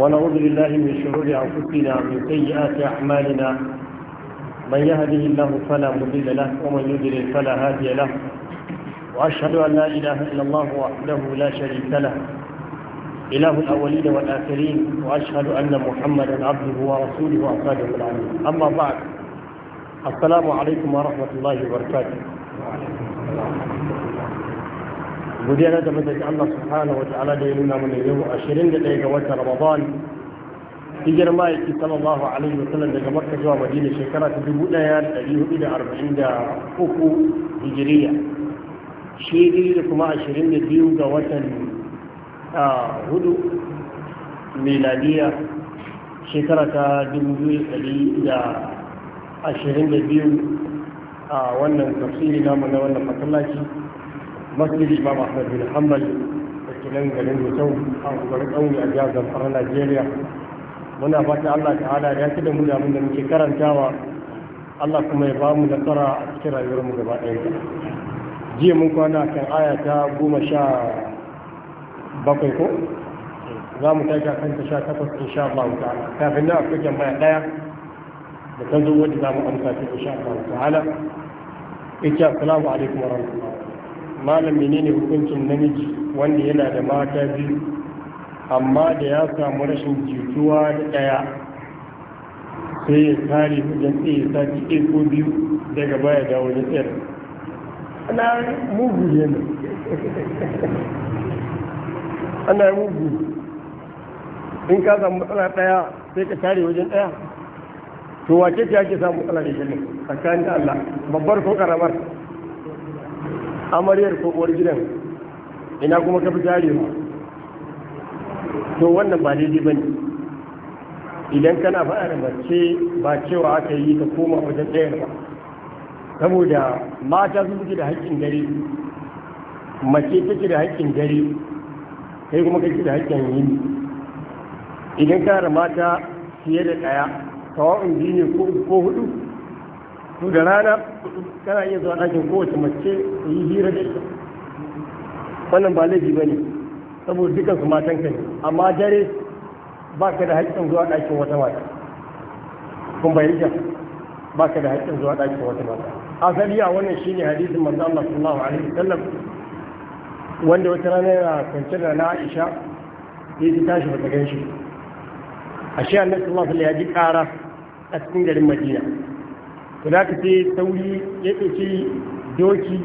ونعوذ بالله من شرور أنفسنا ومن سيئات أعمالنا من يهده الله فلا مضل له ومن يضلل فلا هادي له وأشهد أن لا إله إلا الله وحده لا شريك له إله الأولين والآخرين وأشهد أن محمدا عبده ورسوله وأصحابه العظيم أما بعد السلام عليكم ورحمة الله وبركاته godiya na game da Allah subhanahu wa ta'ala da ya nuna mana yau 21 ga watan Ramadan hijirar ma'aiki sallallahu alaihi wa sallam daga Makka zuwa Madina shekara ta 1443 hijiriya shi da kuma 22 ga watan hudu miladiya shekara ta 2022 a wannan tafsiri namu na wannan masjid imam ahmad bin hanbal da ke nan garin mutum a garin ƙauni a jihar zamfara najeriya muna fata allah ta'ala ya ci da mu da da muke karantawa allah kuma ya ba mu nasara a cikin rayuwarmu gaba ɗaya jiya mun kwana kan aya ta goma sha bakwai ko za mu tashi kan ta sha takwas in sha Allah ta'ala kafin nan akwai tambaya ɗaya da ta zo wadda za mu amsa ta in sha Allah ta'ala ita assalamu alaikum wa rahmatullahi malam menene hukuncin namiji wanda yana da mata biyu amma da ya samu rashin jituwa da ɗaya sai ya tare wajen tsaye sati ɗaya ko biyu daga baya da wani tsayar ana mugu yana ana mugu in ka samu matsala ɗaya sai ka tare wajen ɗaya to wace ta ke samu matsala da shi ne tsakanin Allah babbar ko karamar amaryar ko uwar gidan ina kuma ka jari ma to wannan ba daidai ba ne idan kana faɗa da mace ba cewa aka yi ka koma wajen ɗayar ba saboda mata sun suke da haƙƙin dare mace take da haƙƙin dare kai kuma kake da haƙƙin yin idan ka da mata fiye da ɗaya kawo in ko hudu to da rana kana iya zuwa ɗakin kowace mace ku yi hira da ita wannan ba laifi ba ne saboda dukansu matanka ne amma dare ba ka da haƙƙin zuwa ɗakin wata mata kun bayyana ba ka da haƙƙin zuwa ɗakin wata mata asali a wannan shine hadisin manzo Allah sallallahu alaihi wasallam wanda wata rana yana kwance da na Aisha sai ta tashi bata gan shi ashe Annabi sallallahu alaihi wasallam ya ji ƙara a cikin garin Madina ku da ce sauri ya ɗauki doki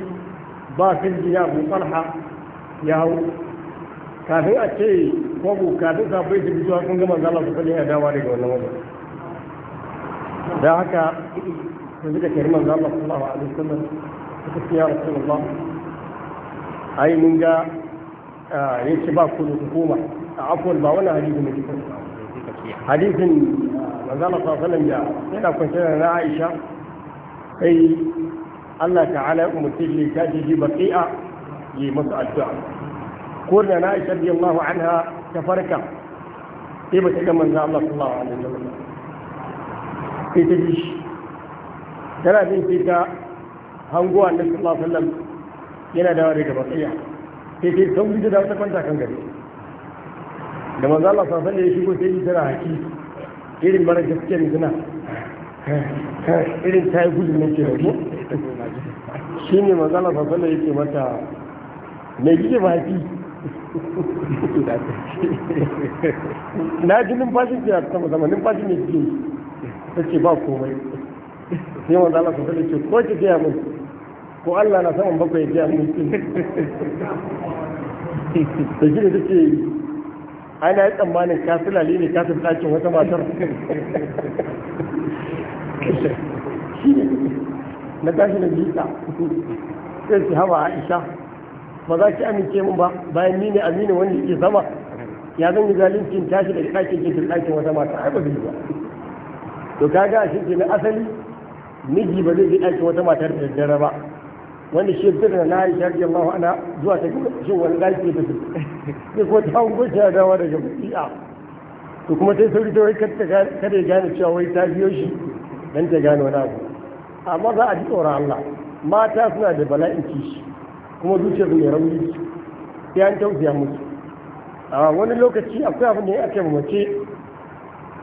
ba sun jiya abu farha ya hau kafin a ce kwabu kafin sabai su bisuwa kun gama zala su kalli ya dawa daga wannan wani da haka sun zika kari manzo Allah sallallahu alaihi wasallam suka ce ya rasulullah ai mun ga yace ba ku da hukuma a afwan ba wannan hadisi ne hadisin manzo Allah sallallahu alaihi wasallam ya yana kwance da Aisha sai Allah ta'ala mutum ne ta ji baqi'a yi masa addu'a ko da na aisha radiyallahu anha ta farka sai ba ta ga manzo Allah sallallahu alaihi wasallam sai ta ji tana jin sai ta hango annabi sallallahu alaihi wasallam yana dawo daga baqi'a sai ta sauri da ta kwanta kan gari da manzo Allah sallallahu alaihi wasallam ya shigo sai ta tana haki irin mara gaskiyar zina irin ta yi gudun na ke rabu shi ne magana fasala yake mata mai gije mafi na ji numfashin ke a sama zama numfashin ne ke ta ce ba komai sai wanda ala fasala ce ko ki gaya min ko Allah na saman bakwai gaya ke da shi ne ta ce ana yi tsammanin kasu lalini kasu tsakin wata matar shi ne na tashi na jika sai su hawa aisha ba za ki amince mun ba bayan ni ne aminu wanda yake sama ya zan yi zalunci tashi daga ɗakin ke ɗakin wata mata ai ba zai ba to kaga shi ke na asali miji ba zai je ɗakin wata matar da daddare ba wanda shi fitar na aisha radiyallahu anha zuwa ta shin wani ɗaki ta fi sai ko ta hango shi dawa daga buti'a to kuma sai sauri ta wai kada ya gane cewa wai ta biyo shi dan ta gano na abu amma za a ji tsoron Allah mata suna da bala'in kishi kuma zuciyar mai rauni sai an tausaya musu a wani lokaci akwai abin da ya ake mace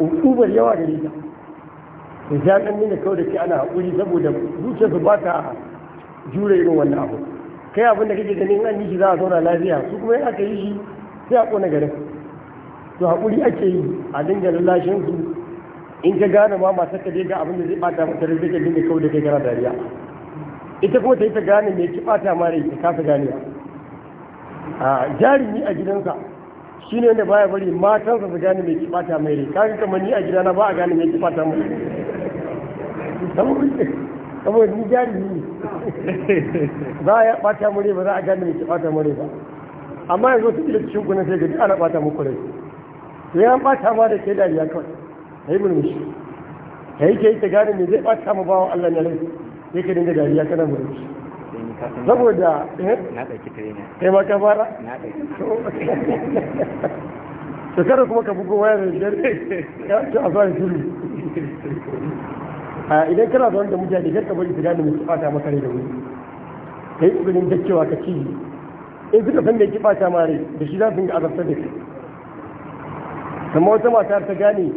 ubar yawa da rita da sai an nuna kawai da ke ana haƙuri saboda su ba ta jure irin wannan abu kai abin da kake ganin an yi shi za a zauna lafiya su kuma in aka yi shi sai a ƙona garin to haƙuri ake yi a dinga lallashin su in ka gane ma masu ka ga abin da zai bata mata rai zai dinga kawai da kai kana dariya ita kuma ta yi ta gane mai ki bata ma rai ta kasa ganewa a jarumi a gidansa shi ne wanda baya bari matansa su gane mai ki bata mai rai kaga kamar ni a gidana ba a gane mai kibata mai rai kamar ni jarumi za a bata mu rai ba za a gane mai kibata mu rai ba amma yanzu su ila cikin kuna sai gaji ana bata muku rai to an bata ma da ke dariya kawai kai murmushi kai yi ta gane me zai bata ba wa Allah ne laifi ya ka dinga dariya kana murmushi saboda eh? na ɗauki trainer kai ma ka fara na ɗauki kada kuma ka bugo waya da dare ya ce a zuwa shiru a idan kana zuwa da mutane kar ka bari su gane musu fata maka da wuri kai kokarin dakkewa ka ci in suka san da ki fata ma da shi za su ga azabtar da shi kamar wata mata ta gane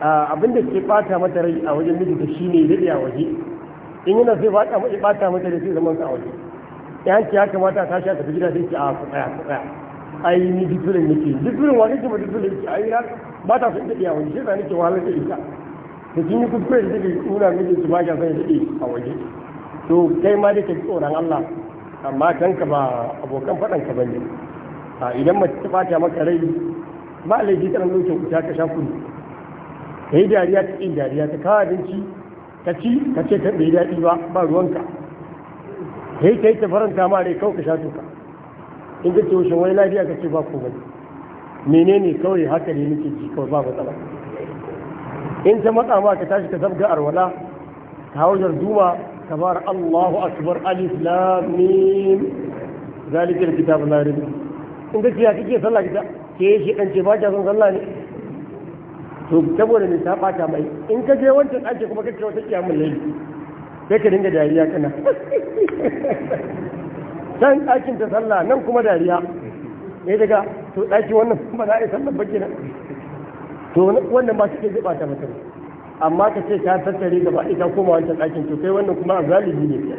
abin da ke bata mata rai a wajen mijinta ne daɗe a waje in yana sai bata ya bata mata rai sai zaman sa a waje yan ya kamata ta sha tafi gida sai ki a ku tsaya ku tsaya ai ni dukkan nake dukkan wani ke ba dukkan nake ai na ba ta son daɗe a waje sai ta ke wahalar da ita da kin yi kuskure da take nuna mijinki ba ka son ya daɗe a waje to kai ma dai ka ji tsoron Allah amma kanka ba abokan faɗan ka bane idan mace ta bata maka rai ba laifi tsaron lokacin ku ta ka sha kunu ka yi dariya ka ƙin dariya ta kawo abinci ka ci ka ce ka bai daɗi ba ba ruwanka ka yi ta yi ta ma rai kawai ka sha tuka in ka ce wasu wani lafiya ka ce ba ku komai menene kawai haka ne nake ji kawai ba matsala in ta matsa ma ka tashi ka zabga arwala ka hau duma ka fara Allahu akbar alif lam mim zalikal kitabu la rayb in ka ce ya kike sallah kita ke shi dan ce ba ka son sallah ne to saboda ne ta bata mai in ka je wancan ɗaki kuma kake wata kiyamun laifi sai ka dinga dariya kana can ɗakin ta sallah nan kuma dariya ne daga to ɗaki wannan ba za a yi sallah baki na. to wannan ba suke zuba ta mutum amma ka ce ta tattare ba ita koma wancan ɗakin to kai wannan kuma zalibi ne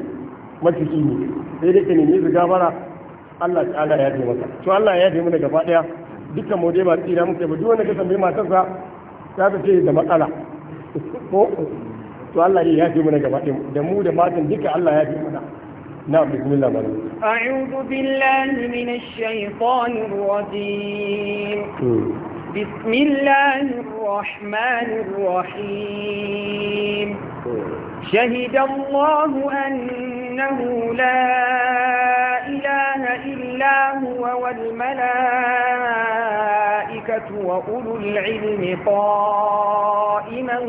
matuki ne sai dai ka nemi zuga bara Allah ta'ala ya taimaka to Allah ya taimaka gaba daya dukkan mu dai ba tsira muke ba duk wanda ka tambaye matarsa za ce da matsala ko to Allah ya yafe mana gaba ɗaya da mu da matan duka Allah ya mana بسم الله الرحمن الرحيم أعوذ بالله من الشيطان الرجيم بسم الله الرحمن الرحيم شهد الله أنه لا إله إلا هو والملائكة وأولو العلم قائما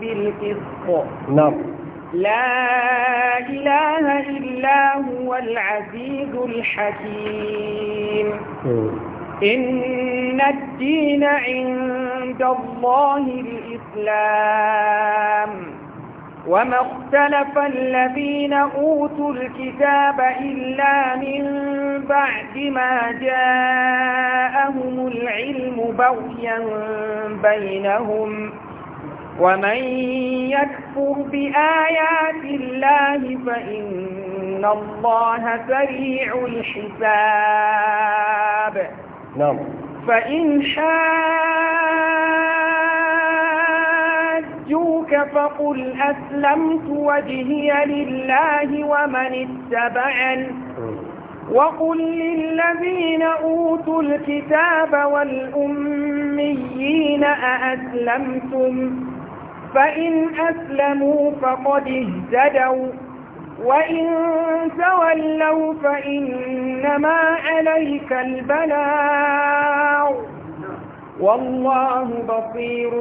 بالقسط نعم لا إله إلا هو العزيز الحكيم إن الدين عند الله الإسلام وما اختلف الذين أوتوا الكتاب إلا من بعد ما جاءهم العلم بغيا بينهم ومن يكفر بآيات الله فإن الله سريع الحساب نعم فإن حاب يحجوك فقل أسلمت وجهي لله ومن اتبعن وقل للذين أوتوا الكتاب والأميين أأسلمتم فإن أسلموا فقد اهتدوا وإن تولوا فإنما عليك البلاغ والله بصير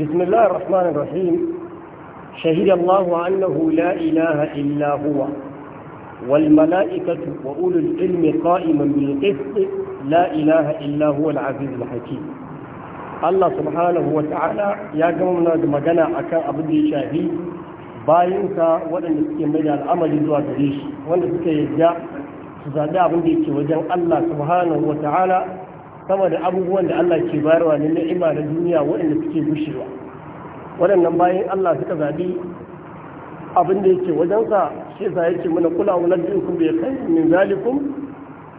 بسم الله الرحمن الرحيم شهد الله أنه لا إله إلا هو والملائكة وأولو العلم قائما بالقسط لا إله إلا هو العزيز الحكيم الله سبحانه وتعالى يا جمعنا دمجنا أكان أبدا شاهي bayinka waɗanda suke mai da al'amari zuwa gare shi wanda suka yarda su zaɓi abin da yake wajen Allah subhanahu wa ta'ala sama da abubuwan da Allah ke bayarwa na ni'ima na duniya waɗanda suke gushewa waɗannan bayan Allah suka zaɓi abin da yake wajensa shi sa yake mana kula wa nabiyukum bi kai, min zalikum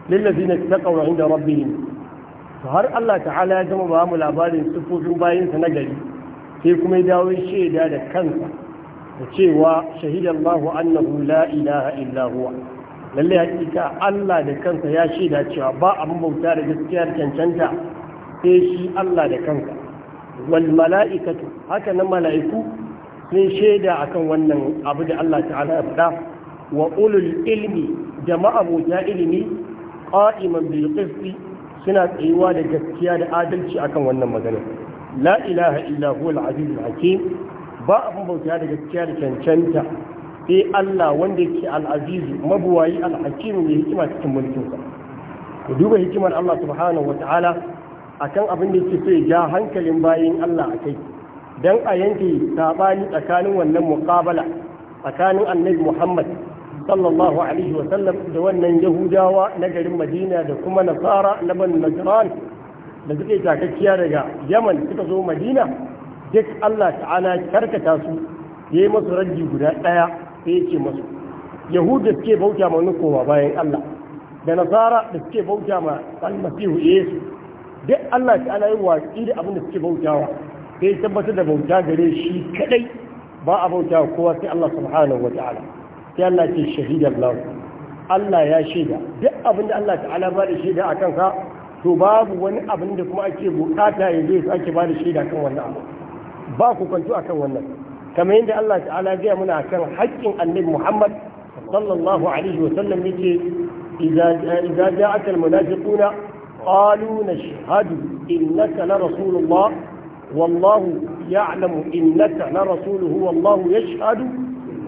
lil ladina taqaw inda rabbihim to har Allah ta'ala ya gama ba mu labarin sifofin bayin na gari sai kuma ya dawo shaida da kansa da cewa shahidallahu annahu la ilaha illa huwa lalle hakika Allah da kansa ya shaida cewa ba a bauta da gaskiyar cancanta sai shi Allah da kansa wal mala'ikatu haka nan mala'iku sun shaida akan wannan abu da Allah ta'ala ya faɗa wa ulul ilmi jama'a bauta ilimi qa'iman bil qisti suna tsayuwa da gaskiya da adalci akan wannan magana la ilaha illa huwa al aziz al hakim ba a bauta da gaskiya da cancanta sai Allah wanda yake al'azizu mabuwayi al'hakimu mai hikima cikin mulkinsa ku duba hikimar Allah subhanahu wa ta'ala akan abin da yake so ya ja hankalin bayin Allah a kai dan a yanke saɓani tsakanin wannan muqabala tsakanin annabi Muhammad sallallahu alaihi wa sallam da wannan yahudawa na garin Madina da kuma nasara na ban Najran da suke takakkiya daga Yaman suka zo Madina duk Allah ta'ala karkata su yayi masu raji guda ɗaya sai ya ce masu yahuda suke bauta ma wani kowa bayan allah da nasara da suke bauta ma almasihu yesu duk allah ta ana yi watsi da abin da suke bautawa sai tabbatar da bauta gare shi kadai ba a bauta kowa sai allah subhanahu wa ta'ala sai allah ce shahidar lahu allah ya shaida duk abin da allah ta'ala ba da shaida a kansa to babu wani abin da kuma ake bukata ya zai ake ba da shaida kan wannan abu ba ku kwanto akan wannan kamar yadda Allah ta'ala zai a kan haƙƙin annab Muhammad sallallahu alaihi wa sallam yake idza ja'at al munafiquna qalu nashhadu innaka la rasulullah wallahu ya'lamu innaka la rasuluhu wallahu yashhadu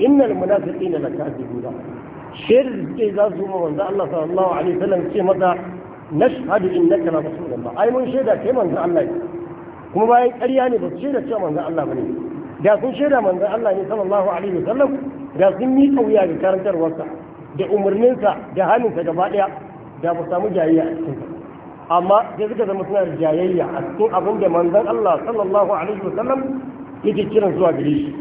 inna al munafiqina lakadibuna shir ke za su mu wanda Allah sallallahu alaihi sallam ce mata nashhadu innaka la rasulullah ai mun shaida kai manzo Allah kuma bayan ƙarya ne ba ce da ce manzo Allah bane da sun shaida manzon Allah ne sallallahu alaihi wasallam da sun yi kauya ga karantarwarsa da umarninsa da hannunsa gaba daya da ba samu jayayya a cikin amma sai suka zama suna da jayayya a cikin abin da manzon Allah sallallahu alaihi wasallam yake kiran zuwa gare shi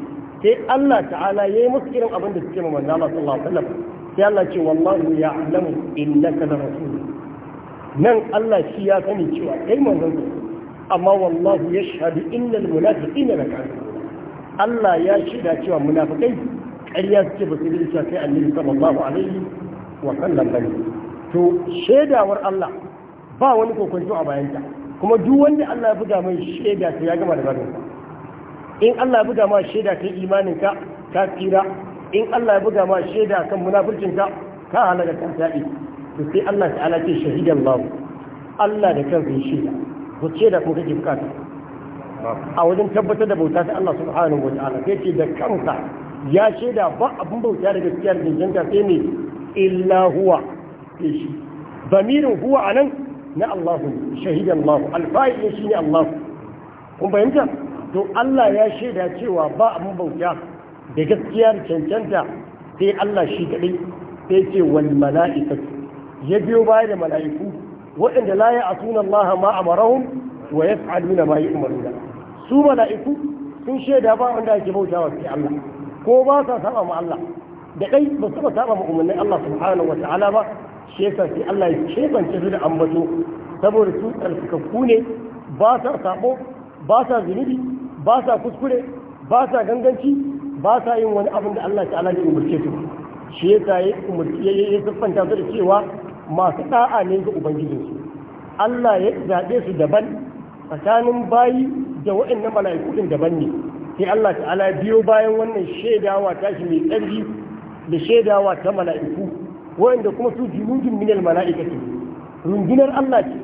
sai Allah ta'ala ya yi musu irin abin da suke ma manzon Allah sallallahu alaihi wasallam sai Allah ce wallahu ya'lamu innaka la rasul nan Allah shi ya sani cewa kai manzon amma wallahu yashhadu innal munafiqina lakafirun Allah ya shiga cewa munafikai ƙarya suke ba su yi cewa kai annabi sallallahu alaihi wa sallam bane to shaidawar Allah ba wani kokonto a bayanta kuma duk wanda Allah ya buga mai shaida ta ya gama da barin in Allah ya buga ma shaida kai imanin ka ka tsira in Allah ya buga ma shaida kan munafurcin ka ka halaga kan sa'i to sai Allah ta'ala ce shahidan Allah Allah da kansa ya shaida ko shaida kuma kake bukata a wajen tabbatar da bauta ta Allah subhanahu wa ta'ala sai ce da kanka ya shaida ba abin bauta da gaskiya da jinjanta sai ne illa huwa sai shi bamirin huwa anan na Allah shahida Allah alfa'il shi ne Allah kun fahimta to Allah ya shaida cewa ba abin bauta da gaskiya da cancanta sai Allah shi kadai sai ce wal mala'ikatu ya biyo baya da mala'iku waɗanda la ya asuna Allah ma amarahum wa yaf'aluna ma yu'maruna su mala'iku sun shaida ba wanda ake bautawa a Allah ko ba sa saba ma Allah da kai ba su ba saba ma umarnin Allah subhanahu wa ta'ala ba shi yasa sai Allah ya shebance su da ambato saboda su ka ne ba sa sabo ba sa zunubi ba sa kuskure ba sa ganganci ba sa yin wani abin da Allah ta'ala ya umarce su shi ya ya siffanta su da cewa masu da'a ne ga ubangijinsu Allah ya zaɓe su daban tsakanin bayi da waɗannan mala'iku din daban ne sai Allah ta'ala biyo bayan wannan shaidawa tashi mai tsarki da shaidawa ta mala'iku waɗanda kuma su junudun minal mala'ikati rundunar Allah ce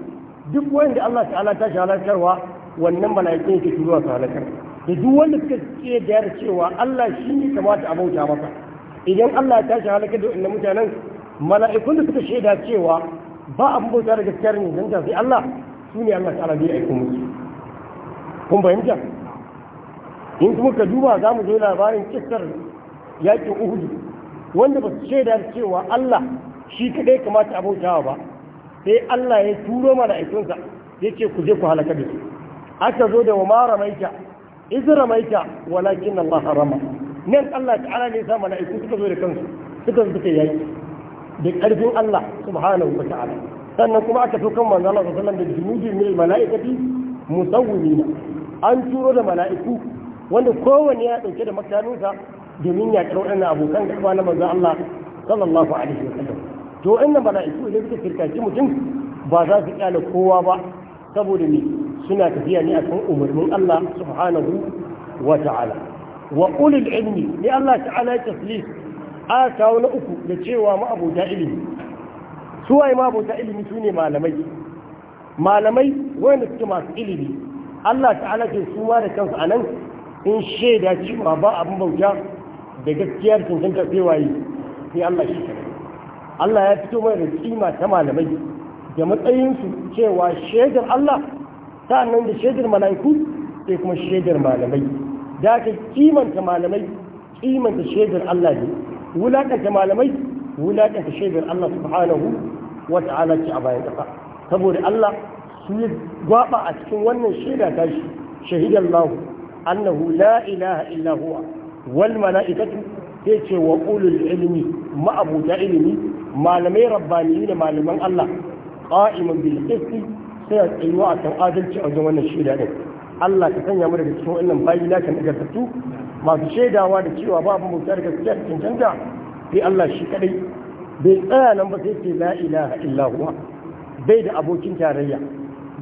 duk waɗanda Allah ta'ala tashi halakarwa wannan mala'iku ke turuwa su halakar da duk wanda suka ce da cewa Allah shi ne kamata a bauta masa idan Allah ya tashi halakar da waɗannan mutanen mala'ikun da suka shaida cewa ba a bauta da gaskiya ne zanta sai Allah su ne Allah ta'ala zai aiko musu kun fahimta in kuma ka duba za mu zo labarin kistar yakin uhudu wanda ba su da cewa Allah shi kaɗai kamata a bautawa ba sai Allah ya turo mana aikinsa ya ce ku je ku halaka da su aka zo da wa ma ramaita iz ramaita walakin Allah harama nan Allah ta'ala ne sa mana aikin suka zo da kansu suka zo suka da ƙarfin Allah subhanahu wa ta'ala sannan kuma aka so kan manzo Allah sallallahu da junubi min malaikati na. an turo da mala'iku wanda kowane ya dauke da makanunsa domin ya karo waɗannan abokan gaba na manzo Allah sallallahu alaihi wa sallam to wannan mala'iku idan suka firkaci mutum ba za su kyale kowa ba saboda me suna tafiya ne akan umarnin Allah subhanahu wa ta'ala wa ulil ilmi ne Allah ta'ala ya taslis a kawo na uku da cewa ma'abuta ilimi su waye ma bauta ilimi su ne malamai malamai wanda suke masu ilimi Allah ta'ala ke su ma da kansu anan in shaida cewa ba abin bauta da gaskiyar cancanta sai sai Allah shi Allah ya fito mai da kima ta malamai da matsayinsu cewa shaidar Allah nan da shaidar mala'iku sai kuma shaidar malamai da aka kimanta malamai kimanta shaidar Allah ne wulaƙanta malamai wulaƙanta shaidar Allah subhanahu wata ala ce a bayan ƙasa saboda Allah su yi gwaba a cikin wannan shaida ta shi shahidan lahu annahu la ilaha illa huwa wal mala'ikatu sai ce wa ulul ilmi ma'abuta ilimi malamai rabbaniyi da malaman Allah qa'iman bil qisti sai tsayuwa a kan adalci a wajen wannan shaida din Allah ka sanya mu daga cikin wannan bayi na kan nagartattu masu shaidawa da cewa babu mutar gaskiya da cancanta sai Allah shi kadai bai tsaya nan ba sai ce la ilaha illa bai da abokin tarayya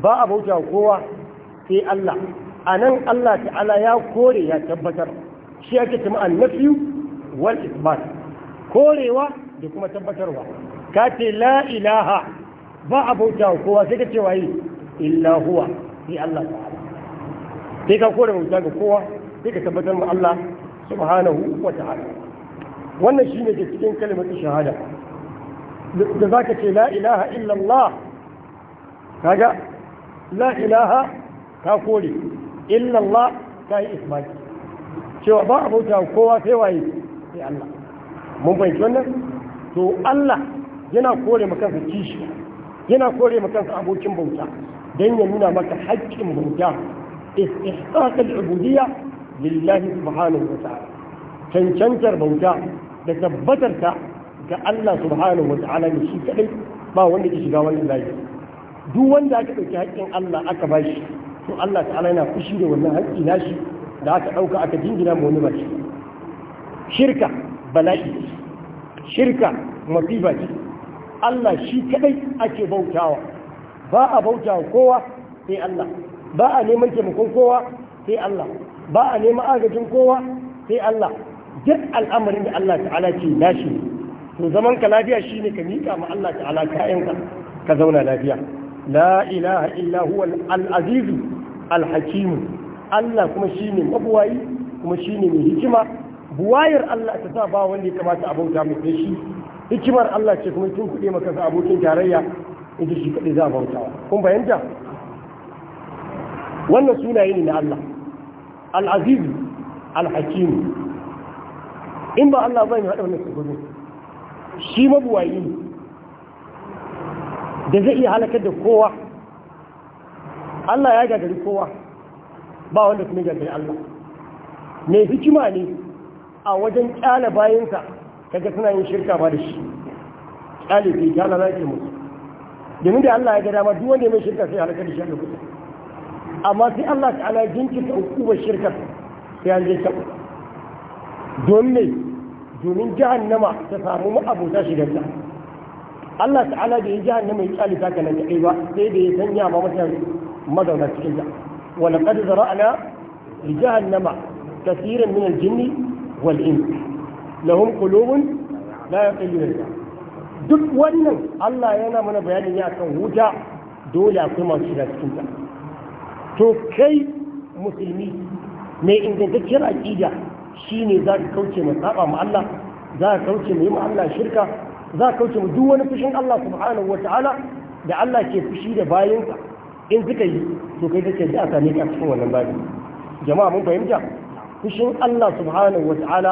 ba abauta kowa sai Allah a nan Allah ta'ala ya kore ya tabbatar shi ake tuma annafi wal isbat korewa da kuma tabbatarwa ka ce la ilaha ba abauta kowa sai ka ce waye illa sai Allah ta'ala sai ka kore bauta ga kowa sai ka tabbatar ma Allah subhanahu wa ta'ala wannan shine ke cikin kalmar shahada da za ka ce la ilaha illallah kaga la ilaha ka kore illallah ka yi ismaki cewa ba a bauta kowa sai waye sai Allah mun fahimci wannan to Allah yana kore maka kansa kishi yana kore maka kansa abokin bauta dan ya nuna maka haƙƙin bauta istihqaq al-ubudiyya lillahi subhanahu wa ta'ala cancantar bauta da tabbatar ta ga Allah subhanahu wa ta'ala ne shi kadai ba wanda ke shiga wannan layi duk wanda aka dauki haƙƙin Allah aka bashi to Allah ta'ala yana fushi da wannan haƙƙi nashi da aka dauka aka jingina mu wani ba shi shirka bala'i shirka masifa ce Allah shi kadai ake bautawa ba a bautawa kowa sai Allah ba a neman taimakon kowa sai Allah ba a neman agajin kowa sai Allah duk al'amarin da Allah ta'ala ce nashi to zaman ka lafiya shine ka miƙa ma Allah ta'ala kayanka ka zauna lafiya la ilaha illa huwa al-aziz al-hakim Allah kuma shine mabuwayi kuma shine mai hikima buwayar Allah ta sa ba wanda ya kamata a bauta mai shi hikimar Allah ce kuma tun kuɗe maka sa abokin tarayya in shi kaɗai za a bautawa kun bayanta wannan sunaye ne na Allah al-aziz al-hakim in ba Allah zai haɗa wannan sabbin shi mabuwayi da zai iya halakar da kowa Allah ya gagari kowa ba wanda kuma gagari Allah mai hikima ne a wajen kyala bayansa kaga suna yin shirka ba da shi kyale fi kyala za ke musu domin da Allah ya ga ma duk wanda mai shirka sai halakar da shi da kusa amma sai Allah ta ala jinkirta hukumar shirka sai an je ta ne domin jahannama ta samu ma'abuta shigarta Allah ta'ala da ya jahannama ya kyale ta kanan kaɗai ba sai da ya sanya ma mutane mazauna cikin ta wala qad zara'na li jahannama kaseeran min al wal ins lahum qulubun la yaqiluna duk wannan Allah yana mana bayani ne akan wuta dole akwai masu shiga cikin ta to kai musulmi mai ingantacciyar aƙida shine za ka kauce mu saba mu Allah za ka kauce mu yi mu Allah shirka za ka kauce mu duk wani fushin Allah subhanahu wataala da Allah ke fushi da bayansa in suka yi to kai kake da aka ne ka cikin wannan bayan jama'a mun fahimta fushin Allah subhanahu wataala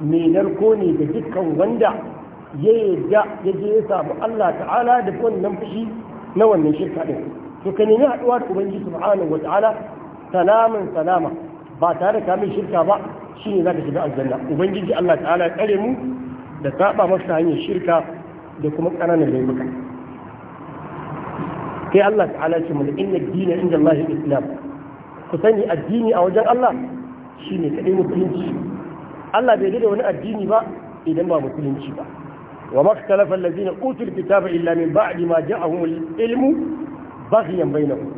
mai narko ne da dukkan wanda ya yarda ya je ya samu Allah ta'ala da wannan fushi na wannan shirka din to ka nemi haɗuwa da ubangiji subhanahu wataala salaman salama ba tare da kamin shirka ba shi ne za ka shiga aljanna ubangiji Allah ta'ala ya tsare mu da saba masa hanyar shirka da kuma ƙananan laifuka sai Allah ta'ala ce mana inna dina inda Allah ya islam ku sani addini a wajen Allah shi ne kaɗai musulunci Allah bai da wani addini ba idan ba musulunci ba wa ma ikhtalafa allazina utul kitaba illa min ba'di ma ja'ahum al-ilmu baghyan bainahum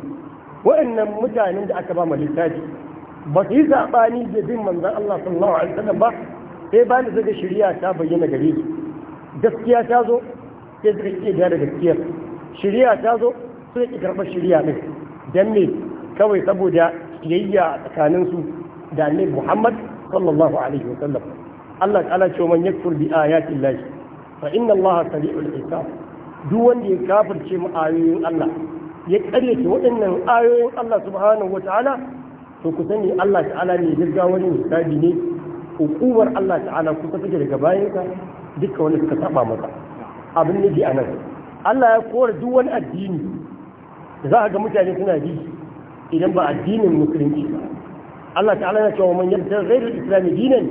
wa'annan mutanen da aka ba mu littafi ba su yi saɓani da bin manzan Allah sallallahu alaihi wasallam ba sai ba ni daga shari'a ta bayyana gare su gaskiya ta zo sai suka ƙi da gaskiya shari'a ta zo suka ƙi karɓar shari'a ne dan ne kawai saboda kiyayya tsakanin su da Annabi Muhammad sallallahu alaihi wasallam Allah ta'ala ce man yakfur bi ayati Allah fa inna Allah sari'ul hisab duk wanda ya kafirce mu ayoyin Allah ya ƙaryace waɗannan ayoyin Allah subhanahu wa wataala to ku sani Allah ta'ala ne gaggawar yin hisabi ne hukumar Allah ta'ala kusa take daga bayanka duka wani suka saba masa abin nufi a nan Allah ya kora duk wani addini za a ga mutane suna bi idan ba addinin musulunci ba Allah ta'ala ya cewa man yadda ghairul dina dinan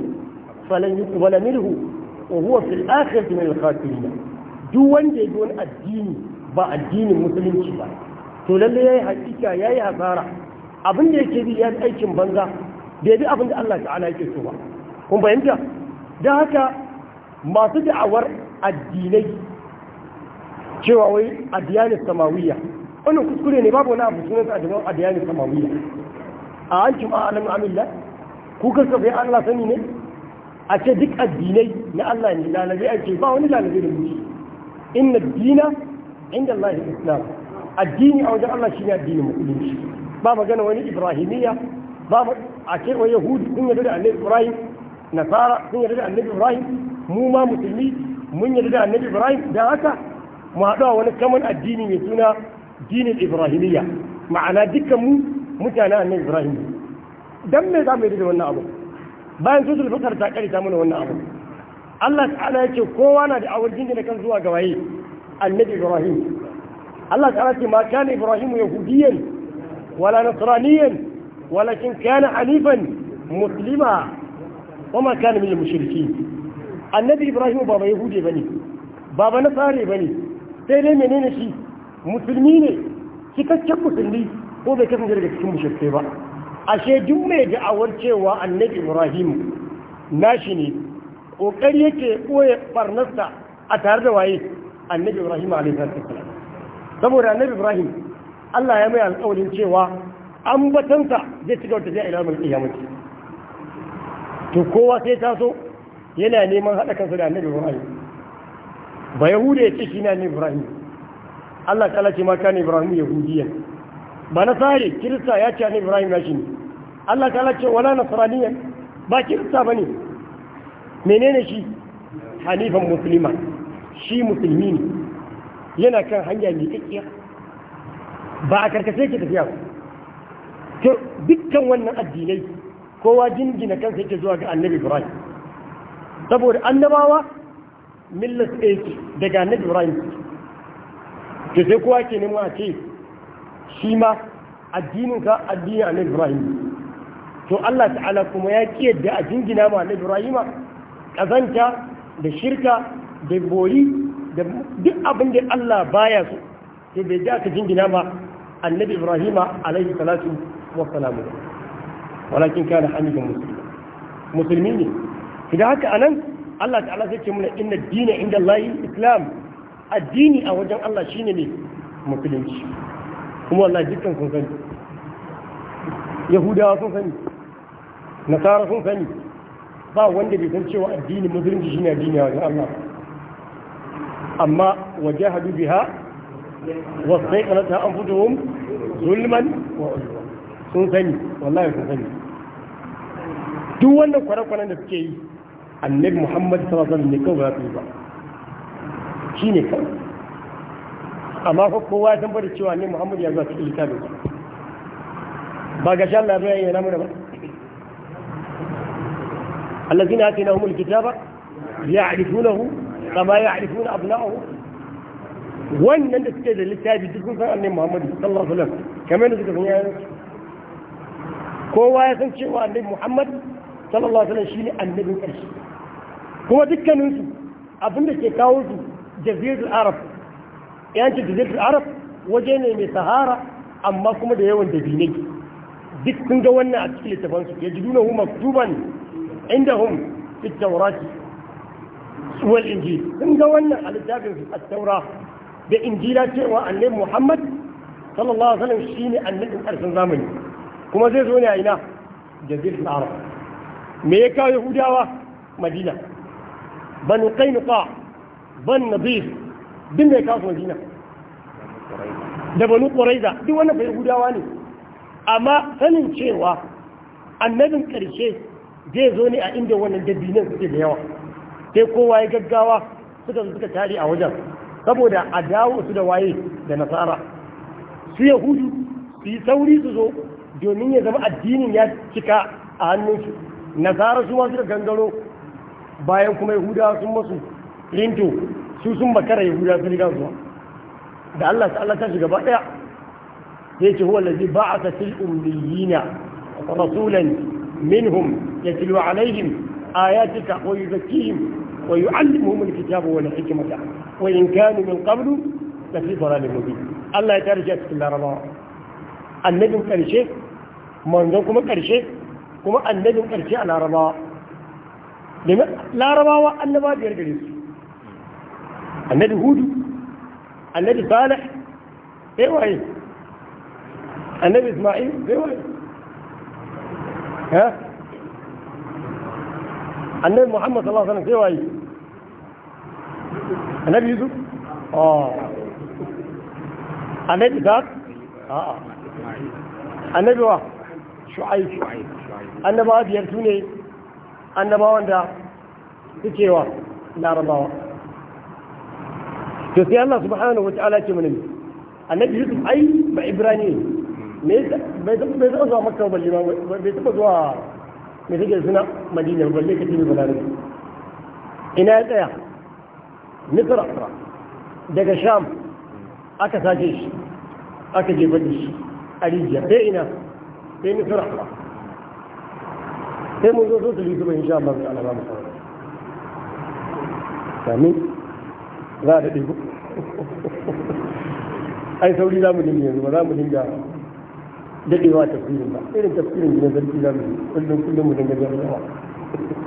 falan yuqbala minhu wa huwa fil akhirati min al khasirin duk wanda ya wani addini ba addinin musulunci ba to lalle yayi hakika yayi hasara abin da yake bi ya aikin banza bai bi abin da Allah ta'ala yake so ba kun fahimta da haka masu da'awar addinai cewa wai adiyanis samawiya wannan kuskure ne babu wani abu sunan addinan adiyanis samawiya a hancin a'alam amilla ku kasa bai Allah sani ne a ce duk addinai na Allah ne lalabe ake ba wani lalabe da mushi inna dina inda Allah islam addini a wajen Allah shi ne addinin musulunci ba magana wani ibrahimiya? ba a ce wa yahudu sun yarda da annabi ibrahim nasara sun yarda da annabi ibrahim mu ma musulmi mun yarda da annabi ibrahim da haka mu haɗu a wani kaman addini mai suna dinin ibrahimiyya ma'ana dukkan mu mutanen annabi ibrahim dan me za mu yarda da wannan abu bayan su zulfikar ta karita mana wannan abu Allah ta'ala ya ce kowa na da awar jingina kan zuwa ga waye annabi ibrahim Allah ta'ala ce ma kana ibrahim yahudiyan ولا نصرانيا ولكن كان حنيفا مسلما وما كان من المشركين النبي ابراهيم بابا يهودي بني بابا نصاري بني سيدي منين شي مسلمين كيفاش مسلمين هو ده كيف نجرب كيف مشركين ashe duk mai da'awar cewa annabi ibrahim nashi ne kokari yake koye barnasta a tare da waye annabi ibrahim alaihi salatu saboda annabi Allah ya mai alƙawarin cewa an batanta zai ci gaba zai ila mulki ya mutu to kowa sai taso yana neman haɗa kansa da annabi Ibrahim ba yahuda ya ce shi na Ibrahim Allah ta ce ma ne Ibrahim yahudiyan ba na sare kirista ya ce ne Ibrahim na shi ne Allah ta ce wala nasraniyan ba kirista ba ne? menene shi hanifan musulma shi musulmi ne yana kan hanya mai kakkiya ba a karkace ke tafiya ba to dukkan wannan addinai kowa jingina kansa yake zuwa ga annabi ibrahim saboda annabawa millas ɗaya daga annabi ibrahim to sai kowa ke nema a ce shi ma addininka addinin annabi ibrahim to allah ta'ala kuma ya ki yadda a jingina ma annabi ibrahim kazanta da shirka da bori da duk abin da allah baya so to bai ji aka jingina ma annabi ibrahim alaihi salatu wa salamu walakin kana hamidan muslima musulmi ne idan haka anan Allah ta'ala zai ce mana inna dina inda Allah islam addini a wajen Allah shine ne musulunci kuma Allah dukkan sun sani yahudawa sun sani nasara sun sani ba wanda bai san cewa addini musulunci shine addini a wajen Allah amma wajahadu biha واستيقنتها أنفسهم ظلما وعلوا sun sani wallahi sun sani duk wannan kwarakwaran da suke yi annabi muhammad sallallahu alaihi wasallam ba su yi amma kowa ya bada cewa ne muhammad ya zuwa cikin ba ga ya yana mana ba allazina atina kitaba ya'rifunahu kama ya'rifuna abna'ahum wannan da suke da littafi duk sun san annabi Muhammad sallallahu alaihi wasallam kamar da suka san yayin kowa ya san cewa annabi Muhammad sallallahu alaihi wasallam shine annabin ƙarshe kuma dukkanin su abin ke kawo su jazirul arab yanci jazirul arab waje ne mai sahara amma kuma da yawan dabinai duk sun ga wannan a cikin littafan su ya jiduna hu maktuban indahum fi tawrati wal injil sun ga wannan a littafin su at-taura da injila cewa annabi muhammad sallallahu alaihi wasallam shine annabin karshen zamani kuma zai zo ne a ina jazirar arab me ya kawo yahudawa madina banu qainuqa ban nadir din da ya kawo madina da banu quraiza duk wannan fa yahudawa ne amma sanin cewa annabin karshe zai zo ne a inda wannan dabinan suke da yawa sai kowa ya gaggawa suka suka tare a wajen saboda a dawo su da waye da nasara su yahudu su yi sauri su zo domin ya zama addinin ya cika a hannunsu nasara su masu da gangaro bayan kuma yahuda sun masu linto su sun makara yahuda sun riga zuwa da Allah ta Allah ta shiga ba daya ya ce huwa lazi ta fil ummiyina rasulan minhum yatlu alaihim ayatika wa yuzakkihim wa yu'allimuhum alkitaba wani hikmata وإن كانوا من قبل لفي ضلال مبين الله يترجى في الله رضا النبي كرشه منذكم كرشه كما النبي كرشه على رضا لما لا رضا وأن ما دير جريس النبي هود النبي صالح ايه وعي النبي اسماعيل ايه وعي ها النبي محمد صلى الله عليه وسلم ايه النبي يزور اه النبي ذات اه النبي واحد شعيب شعيب النبي واحد يرسوني النبي واحد تكي واحد لا رضا واحد تسي الله سبحانه وتعالى كم نبي النبي يزور اي بإبراني ميزة ميزة أزوى مكة وبالجماعة ميزة أزوى ميزة أزوى مدينة وبالجماعة ميزة أزوى مدينة وبالجماعة misra daga sham aka sake shi aka jefa da shi a rijiya ina sai misra sai mun zo sosai kuma in sha Allah ta ala ba sami za a daɗe ai sauri za mu dinga yanzu ba za mu dinga daɗewa tafsirin ba irin tafsirin gidan sarki za mu kullum kullum mu dinga ba.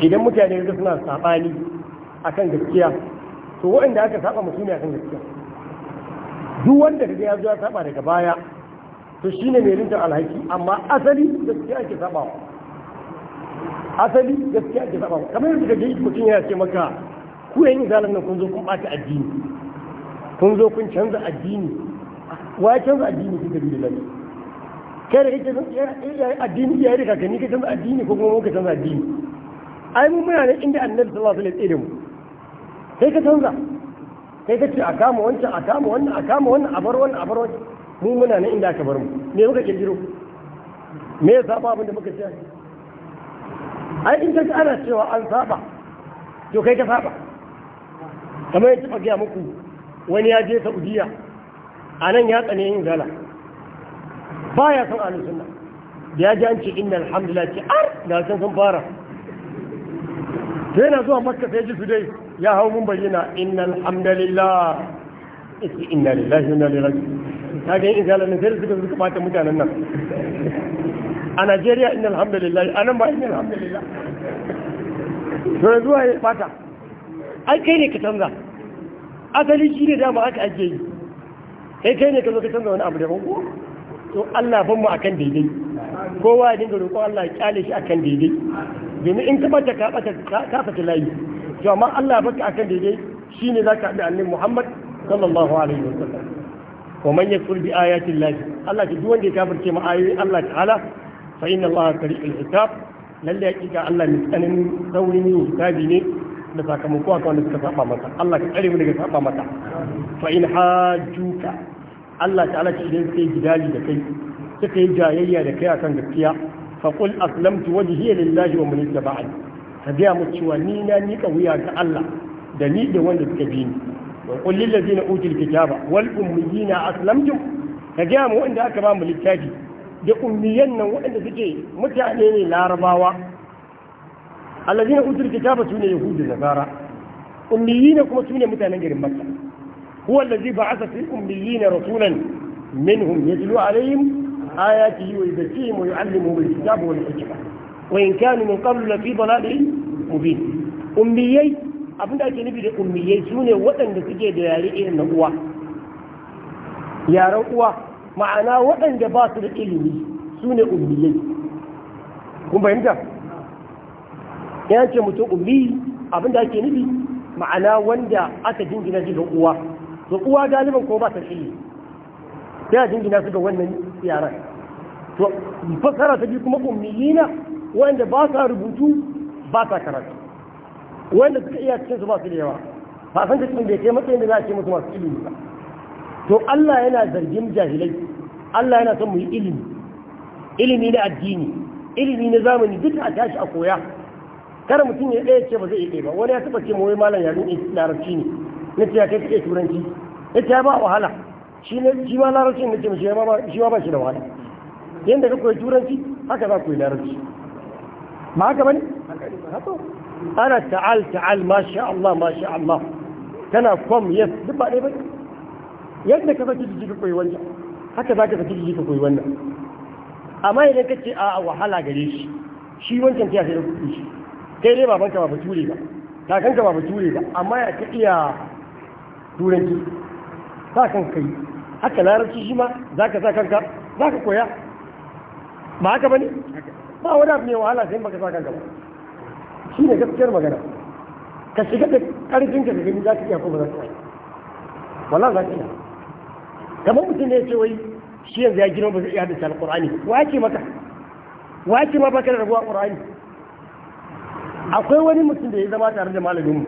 idan mutane da suna sabani kan gaskiya to waɗanda aka saba musu ne akan gaskiya duk wanda kaga ya zo ya saba daga baya to shine mai rinta alhaki amma asali gaskiya ake sabawa asali gaskiya ake sabawa kamar yadda kaga mutum yana ce maka ku yayin zalan nan kun zo kun bata addini kun zo kun canza addini wa ya canza addini kun tabi da lalle kai da kake addini ya yi da kakanni ka canza addini ko kuma ka canza addini ai mu muna nan inda annabi sallallahu alaihi wasallam ya mu sai ka canza sai ka ce a kama wancan a kama wannan a kama wannan a bar wannan a bar wannan mu muna nan inda aka bar mu me muka kirkiro me ya saba abin da muka ce ai in ka ana cewa an saba to kai ka saba kamar yadda taɓa gaya muku wani ya je saudiya a nan ya tsane yin gala ba ya son ahlus ya ji an ce inna alhamdulillah ce ar da san sun fara da yana zuwa makka sai ji dai ya hau mun bayyana innal hamdalillah inna lillahi inna ilaihi raji'un kaga in zalala ne sai suka suka bata mutanen nan a Najeriya innal hamdalillah anan ba innal hamdalillah to zuwa ya bata ai kai ne ka canza asali shi ne dama aka ajiye yi kai kai ne ka zo ka canza wani abu da ko to Allah ban mu akan daidai kowa ya dinga roƙon Allah ya kyale shi akan daidai domin in ka bata ka fata layi to amma Allah ya baka akan daidai shine za zaka haɗu annabi Muhammad sallallahu alaihi wasallam wa man yakfur bi ayati Allah Allah ki duk wanda ya kafirce ma ayoyin Allah ta'ala fa inna Allah sari'ul hisab lalle hakika Allah mai tsananin saurin yin hisabi ne da sakamako akan wanda suka saba masa Allah ka tsare mu daga saba masa fa in hajjuka Allah ta'ala ki idan sai gidali da kai suka yi jayayya da kai akan gaskiya fa qul aslamtu wajhiya lillahi wa man ittaba'ani ka ga mu cewa ni na ni wuya ga Allah da ni da wanda suka bi ni wa qul lil ladina utul kitaba wal ummiyina aslamtum ka ga mu wanda aka ba mu littafi da ummiyan nan waɗanda suke mutane ne larabawa alladina utul kitaba sune yahudu da nasara ummiyina kuma sune mutanen garin makka huwa allazi ba'atha fil ummiyina rasulan minhum yatlu alaihim آياته ويزكيهم ويعلمهم الكتاب والحكمة وإن كانوا من قبل لفي ضلال مبين أميي abin da ake nufi da ummiyai su ne waɗanda suke da yare irin na uwa yaren uwa ma'ana waɗanda ba su da ilimi su ne ummiyai kun fahimta yana ce mutum ummi abin da ake nufi ma'ana wanda aka jingina shi uwa to uwa galiban ko ba ta ilimi sai a jingina su ga wannan yaran to fasara ta biyu kuma ummiyina wanda ba sa rubutu ba sa karatu wanda suka iya cikin su ba su da yawa ba san cikin da kai matsayin da za a ce musu masu ilimi ba to Allah yana zargin jahilai Allah yana son mu yi ilimi ilimi na addini ilimi na zamani duk a tashi a koya kar mutum ya ɗaya ce ba zai iya ba wani ya taɓa ce mawai malam yaren larabci ne na ce ya kai ka turanci ya ce ya ba wahala shi ne shi ma larabci ne ce shi ma ba shi da wahala yadda ka koyi turanci haka za ku yi larabci ma haka ba bane ana ta'al ta'al masha Allah masha Allah kana kwam yes duk ba ɗaya ba yadda ka saki jiki ka koyi wancan haka za ka saki jiki ka koyi wannan amma idan ka ce a wahala gare shi shi wancan tiya sai da kuɗi shi kai dai babanka ba ture ba kakanka ba ture ba amma ya ka iya turanci sa kanka yi haka larabci shi ma za ka sa kanka za ka koya ba haka ba ne ba wani abu mai wahala sai baka sa kanka ba shi ne gaskiyar magana ka shiga da karfin ka gani za ka iya ko ba za ka iya wallahi za ka iya kamar mutum ne ya ce wai shi yanzu ya gina ba zai iya hadisi Alƙur'ani. wa yake maka wa yake ma baka da rabuwa qur'ani akwai wani mutum da ya zama tare da malamin mu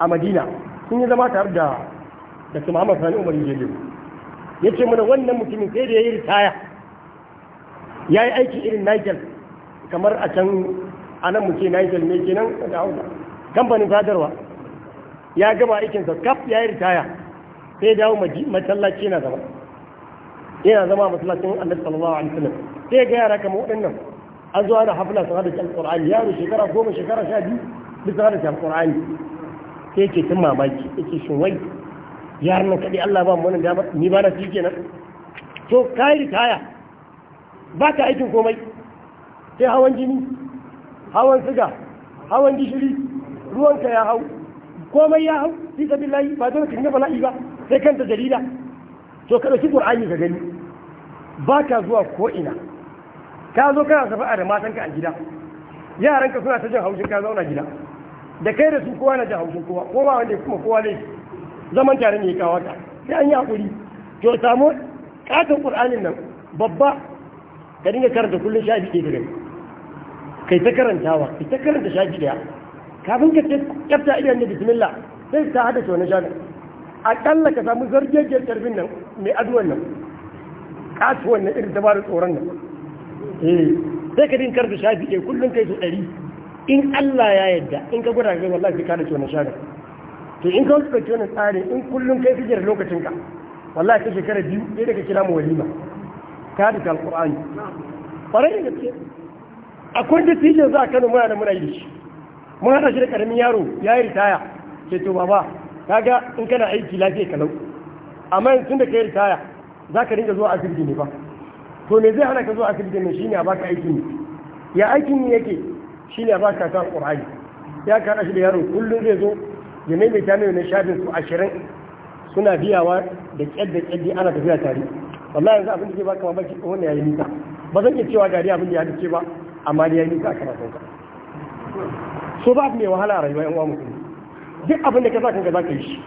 a Madina sun yi zama tare da da su Muhammad Sani Umar Jeliyo ya ce mana wannan mutumin sai da ya yi ritaya ya yi aiki irin Nigel kamar a can a nan muke Nigel ne kenan da Hausa kamfanin sadarwa ya gama aikinsa kaf ya yi ritaya sai dawo masallaci yana zama yana zama matsalacin Annabi sallallahu alaihi wasallam sai ga yara kamar waɗannan an zo ana hafla sun hada kan Qur'ani yaro shekara goma shekara sha biyu bisa hada kan Qur'ani sai ke tun mamaki yake shin wai yaran nan kaɗai Allah ba mu wannan damar ni ba na fi kenan to ka yi ritaya ba ka aikin komai sai hawan jini hawan siga hawan gishiri ruwanka ya hau komai ya hau fi sabi layi ba dole ka gaba layi ba sai kanta jarida to ka ɗauki ƙur'ani ka gani ba ka zuwa ko'ina ka zo kana safa'a da ka a gida Yaran ka suna ta jin haushin ka zauna gida da kai da su kowa na jin haushin kowa kowa wanda kuma kowa laifi zaman tare ne kawo ka sai an yi hakuri to samu katin qur'anin nan babba ka dinga karanta kullum shafi ɗaya daga kai ta karantawa kai ta karanta shafi ɗaya kafin ka ce kyafta idan da bismillah sai ta hada ta wani shafi akalla ka samu zargejiyar ƙarfin nan mai aduwan nan kasuwan wannan irin dabarar tsoron nan eh sai ka dinga karanta shafi ɗaya kullum kai su ɗari in Allah ya yarda in ka gwada ga wallahi ka da ta wani shafi to in ka wasu ɗauki wani tsari in kullum kai fijar lokacinka wallahi ka shekara biyu ɗaya daga kira mu walima ka da ta alƙur'ani ƙwarai da gaske akwai da tijin za a kano muna da muna yi shi mun haɗa shi da ƙaramin yaro ya yi ritaya ke to baba ga in kana aiki lafiya kalau amma yanzu da ka yi ritaya za ka ringa zuwa asibiti ne ba to me zai hana ka zuwa asibiti ne shine a baka aikin ne ya aikin ne yake shine a baka ta alƙur'ani ya kaɗa shi da yaro kullum zai zo ya maimaita mai na shafin su ashirin suna biyawa da kyadda kyaddi ana tafiya tare wallahi yanzu abin da ke baka mamaki wannan yayi nisa ba zan iya cewa gari abin da ya dace ba amma da yayi nisa a karatun ka so ba mai wahala a rayuwa yan uwa mutum duk abin da ka sa kanka zaka yi shi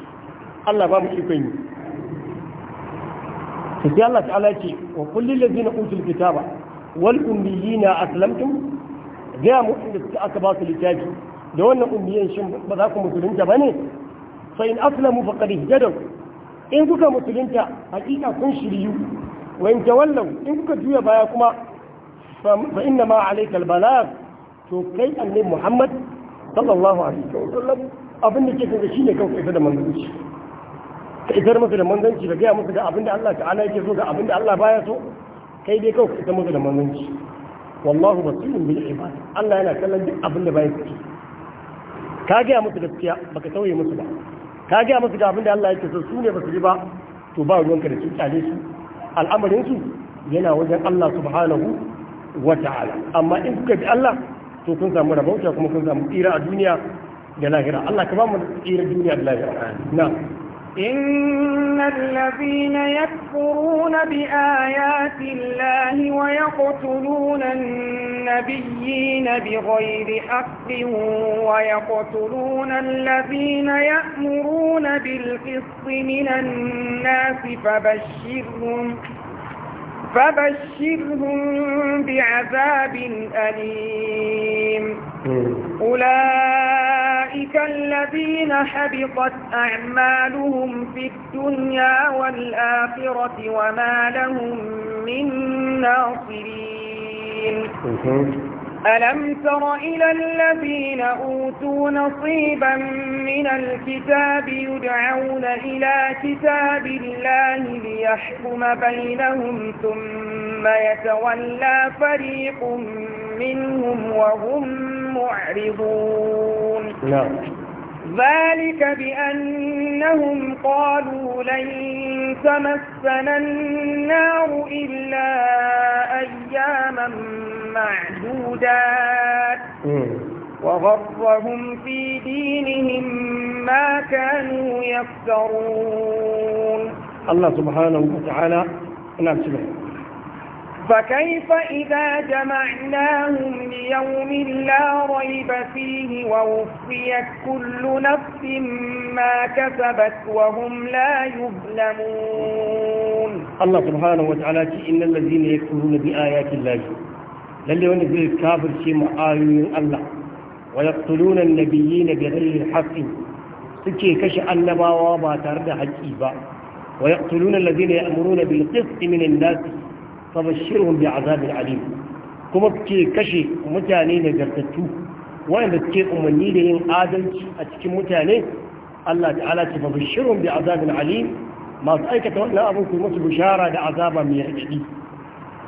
Allah ba mu ikon yi to sai Allah ta'ala ce wa kullil ladzina utul kitaba wal ummiyina aslamtum ga mu'min da suka aka ba su littafi da wannan ummiyan shin ba za ku musulunta ba ne fa in aslamu faqad ihtadaw in kuka musulunta hakika kun shiriyu wa in tawallaw in kuka juya baya kuma fa inna ma alayka albalagh to kai annabi Muhammad sallallahu alaihi wa sallam abin da ke kanka shine kanka ita da manzanci ka isar musu da manzanci da gaya musu da abin da Allah ta'ala yake so da abin da Allah baya so kai dai kawai ka isar musu da manzanci wallahu basirun bil ibad Allah yana kallon duk abin da baya so ka gaya musu gaskiya ka tauye musu ba ka gaya musu ga abin da Allah yake so su ne ba su ji ba to ba ruwanka da su kyale su al'amarin su yana wajen Allah subhanahu wa ta'ala amma in kuka bi Allah to kun samu rabauta kuma kun samu tsira a duniya da lahira Allah ka ba mu tsira duniya da lahira na إن الذين يكفرون بآيات الله ويقتلون النبيين بغير حق ويقتلون الذين يأمرون بالقسط من الناس فبشرهم فبشرهم بعذاب أليم أولئك أولئك الذين حبطت أعمالهم في الدنيا والآخرة وما لهم من ناصرين ألم تر إلى الذين أوتوا نصيبا من الكتاب يدعون إلى كتاب الله ليحكم بينهم ثم يتولى فريق منهم وهم معرضون نعم ذلك بأنهم قالوا لن تمسنا النار إلا أياما معدودات وغرهم في دينهم ما كانوا يفترون الله سبحانه وتعالى نعم سبحانه فكيف إذا جمعناهم ليوم لا ريب فيه ووفيت كل نفس ما كسبت وهم لا يظلمون الله سبحانه وتعالى إن الذين يكفرون بآيات الله للي ونزل الكافر شيء معاين الله ويقتلون النبيين بغير الحق سكي كش النباوة ما ترد حجيبا ويقتلون الذين يأمرون بالقسط من الناس fabashirhum azabin alim kuma ke kashe mutane da nagartattu wanda suke umarni da yin adalci a cikin mutane Allah ta'ala ce fabashirhum azabin alim masu aikata wannan abin ku musu bishara da azaba mai raɗaɗi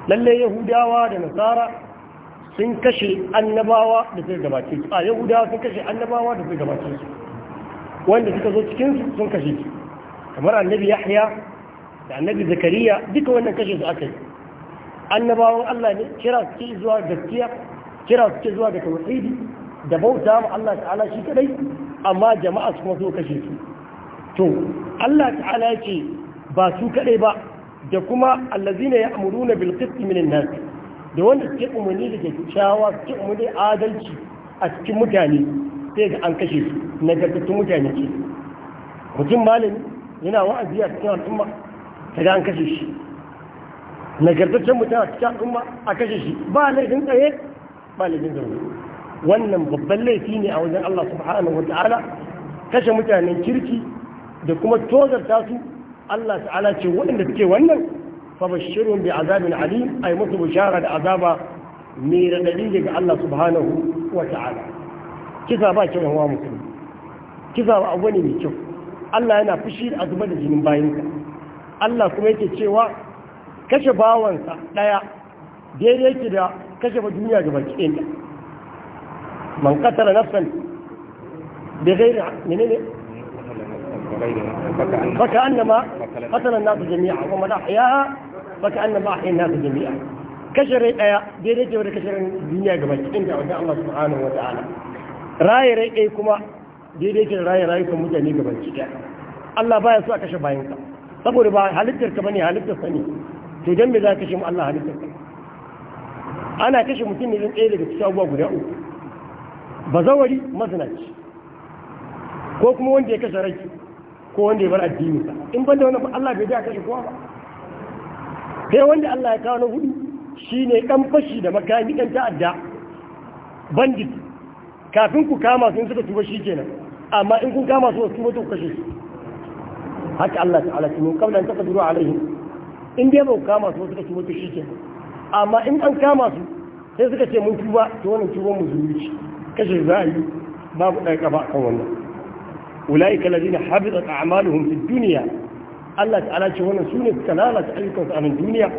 lalle yahudawa da nasara sun kashe annabawa da suka gabace su a yahudawa sun kashe annabawa da suka gabace su wanda suka zo cikin sun kashe su kamar annabi yahya da annabi zakariya duka wannan kashe su aka yi annabawan Allah ne kira suke zuwa gaskiya kira suke zuwa ga tauhidi da bauta ma Allah ta'ala shi kadai amma jama'a su kuma so kashe su to Allah ta'ala yake ba su kadai ba da kuma allazina ya'muruna bil qisti minan nas da wanda suke umarni da kyakkyawa suke umarni adalci a cikin mutane sai ga an kashe su nagartattun mutane ce mutum malami yana wa'azi a cikin al'umma kaga an kashe shi nagartaccen mutum a cikin a kashe shi ba laifin tsaye ba laifin zaune wannan babban laifi ne a wajen Allah subhanahu wa ta'ala kashe mutanen kirki da kuma tozarta su Allah ta'ala ce waɗanda suke wannan fa bashirun bi azabin alim ay musu bishara da azaba mai radadi daga Allah subhanahu wa ta'ala kisa ba kyau hawa mutum kisa ba abu ne mai kyau Allah yana fushi da zubar da jinin bayinka Allah kuma yake cewa kashe bawansa ɗaya daidai ki da kashe ba duniya ga baki ɗaya man katara nafsan da gairi menene baka annama katara nasu jami'a kuma da ahyaha baka annama ahyan nasu jami'a kashe rai ɗaya daidai ki da kashe rai duniya ga baki ɗaya wajen Allah subhanahu wa ta'ala raye rai ɗaya kuma daidai ki da raye rayukan mutane ga baki ɗaya Allah baya so a kashe bayanka saboda ba halittar ka bane halittar ka ne to don me za ka kashe mu Allah halittar ana kashe mutum ne zan tsaye daga cikin abubuwa guda uku Ba zawari mazinaci ko kuma wanda ya kashe rai ko wanda ya bar addini ba in banda wannan Allah bai ja kashe kowa ba sai wanda Allah ya kawo na hudu shine dan fashi da makami dan ta'adda bandit kafin ku kama su suka tuba shikenan amma in kun kama su su mutu kashe haka Allah ta'ala kuma kawai an taka duru alaihim in dai ba kama su suka ce mutu amma in an kama su sai suka ce mun tuba ta wannan tuban mu zunubi kashe za a yi babu ɗaya ƙafa a kan wannan ulai kalazina habita a'maluhum fi duniya Allah ta'ala ce wannan sune ta lalata ayyukansu a duniya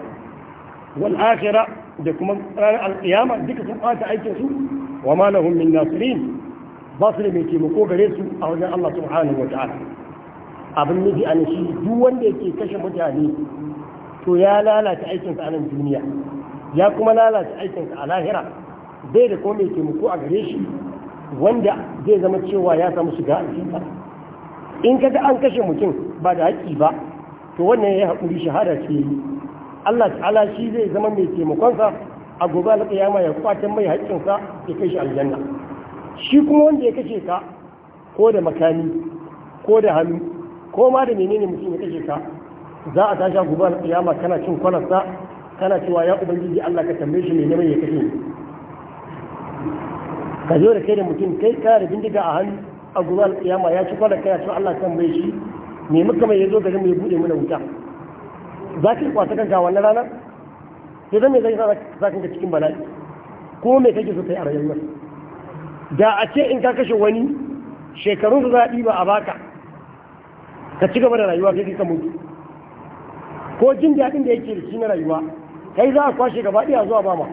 wal akhirah da kuma ranar alƙiyama duka sun ɓata aikin su wa ma lahum min nasirin ba su da mai taimako gare su a wajen Allah subhanahu wa ta'ala abin nufi a shi duk wanda yake kashe mutane to ya lalata aikinsa a nan duniya ya kuma lalata aikinsa a lahira bai da kuma mai taimako a gare shi wanda zai zama cewa ya samu shiga a cikin in kaga an kashe mutum ba da haƙƙi ba to wannan ya haƙuri shahada ce yi Allah ta'ala shi zai zama mai taimakonsa a gobe alƙiyama ya kwatan mai haƙƙinsa ya kai shi aljanna shi kuma wanda ya kashe ka ko da makami ko da hannu ko ma da menene mutum ya kashe ka za a tashi gubar alƙiyama kana cin kwanarsa kana cewa ya ubangiji Allah ka tambaye shi menene ya kashe ka zo da kai da mutum kai ka da bindiga a hannu a gubar alƙiyama ya ci kwanar kai ya ce Allah tambaye shi me muka mai yazo gari mai bude mana wuta za ka yi kwata kanka wannan ranar sai zan mai zai za ka cikin bala'i ko me kake so kai a rayuwar da a ce in ka kashe wani shekarun su za a ɗiba a baka ka ci gaba da rayuwa kai ka mutu ko jin daɗin da yake da shi na rayuwa kai za a kwashe gaba ɗaya zuwa ba ma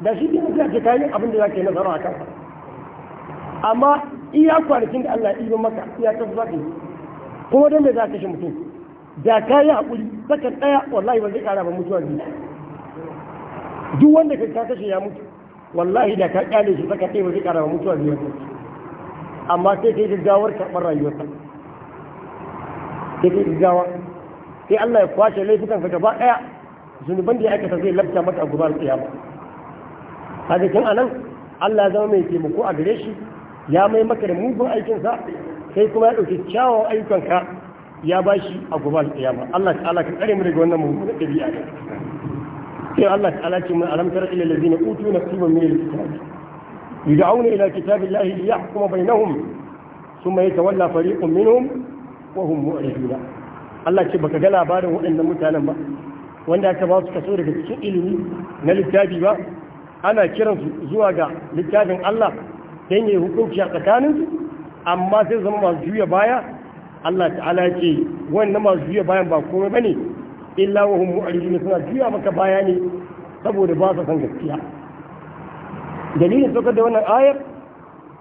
da shi ne mutum ce kayan abin da za ka yi nasara a kansa amma iya kwanakin da Allah ibin maka iya ta za ka yi kuma don da za ka shi mutum da ka yi haƙuri sakan ɗaya wallahi ba zai ƙara ba mutuwa biyu duk wanda ka ta kashe ya mutu wallahi da ka ƙyale shi sakan ɗaya ba zai ƙara ba mutuwa biyu amma sai ka yi gaggawar karɓar rayuwarsa sai kai yi sai Allah ya kwashe laifukan ka gaba daya zunuban da ya aikata zai labta mata a gubar kiyama kaga tun anan Allah ya zama mai taimako a gare shi ya mai maka da mugun aikinsa sai kuma ya ɗauki ayyukan ka ya ba shi a gubar alƙiyama Allah ta'ala ka tsare mu daga wannan mummunan ɗabi'a ne sai Allah ta'ala ce mun alamtar ila lazina utu nasiban min alkitab yud'auna ila kitabillahi liyahkuma bainahum thumma yatawalla fariqun minhum wa hum mu'ridun Allah ce baka ga labarin waɗannan mutanen ba wanda aka ba su kaso daga cikin ilimi na littafi ba ana kiransu zuwa ga littafin Allah don yi hukunci a tsakaninsu amma sai zama masu juya baya Allah ta'ala ce wannan masu juya bayan ba komai bane illa wa hum suna juya maka baya ne saboda ba su san gaskiya dalilin saukar da wannan ayar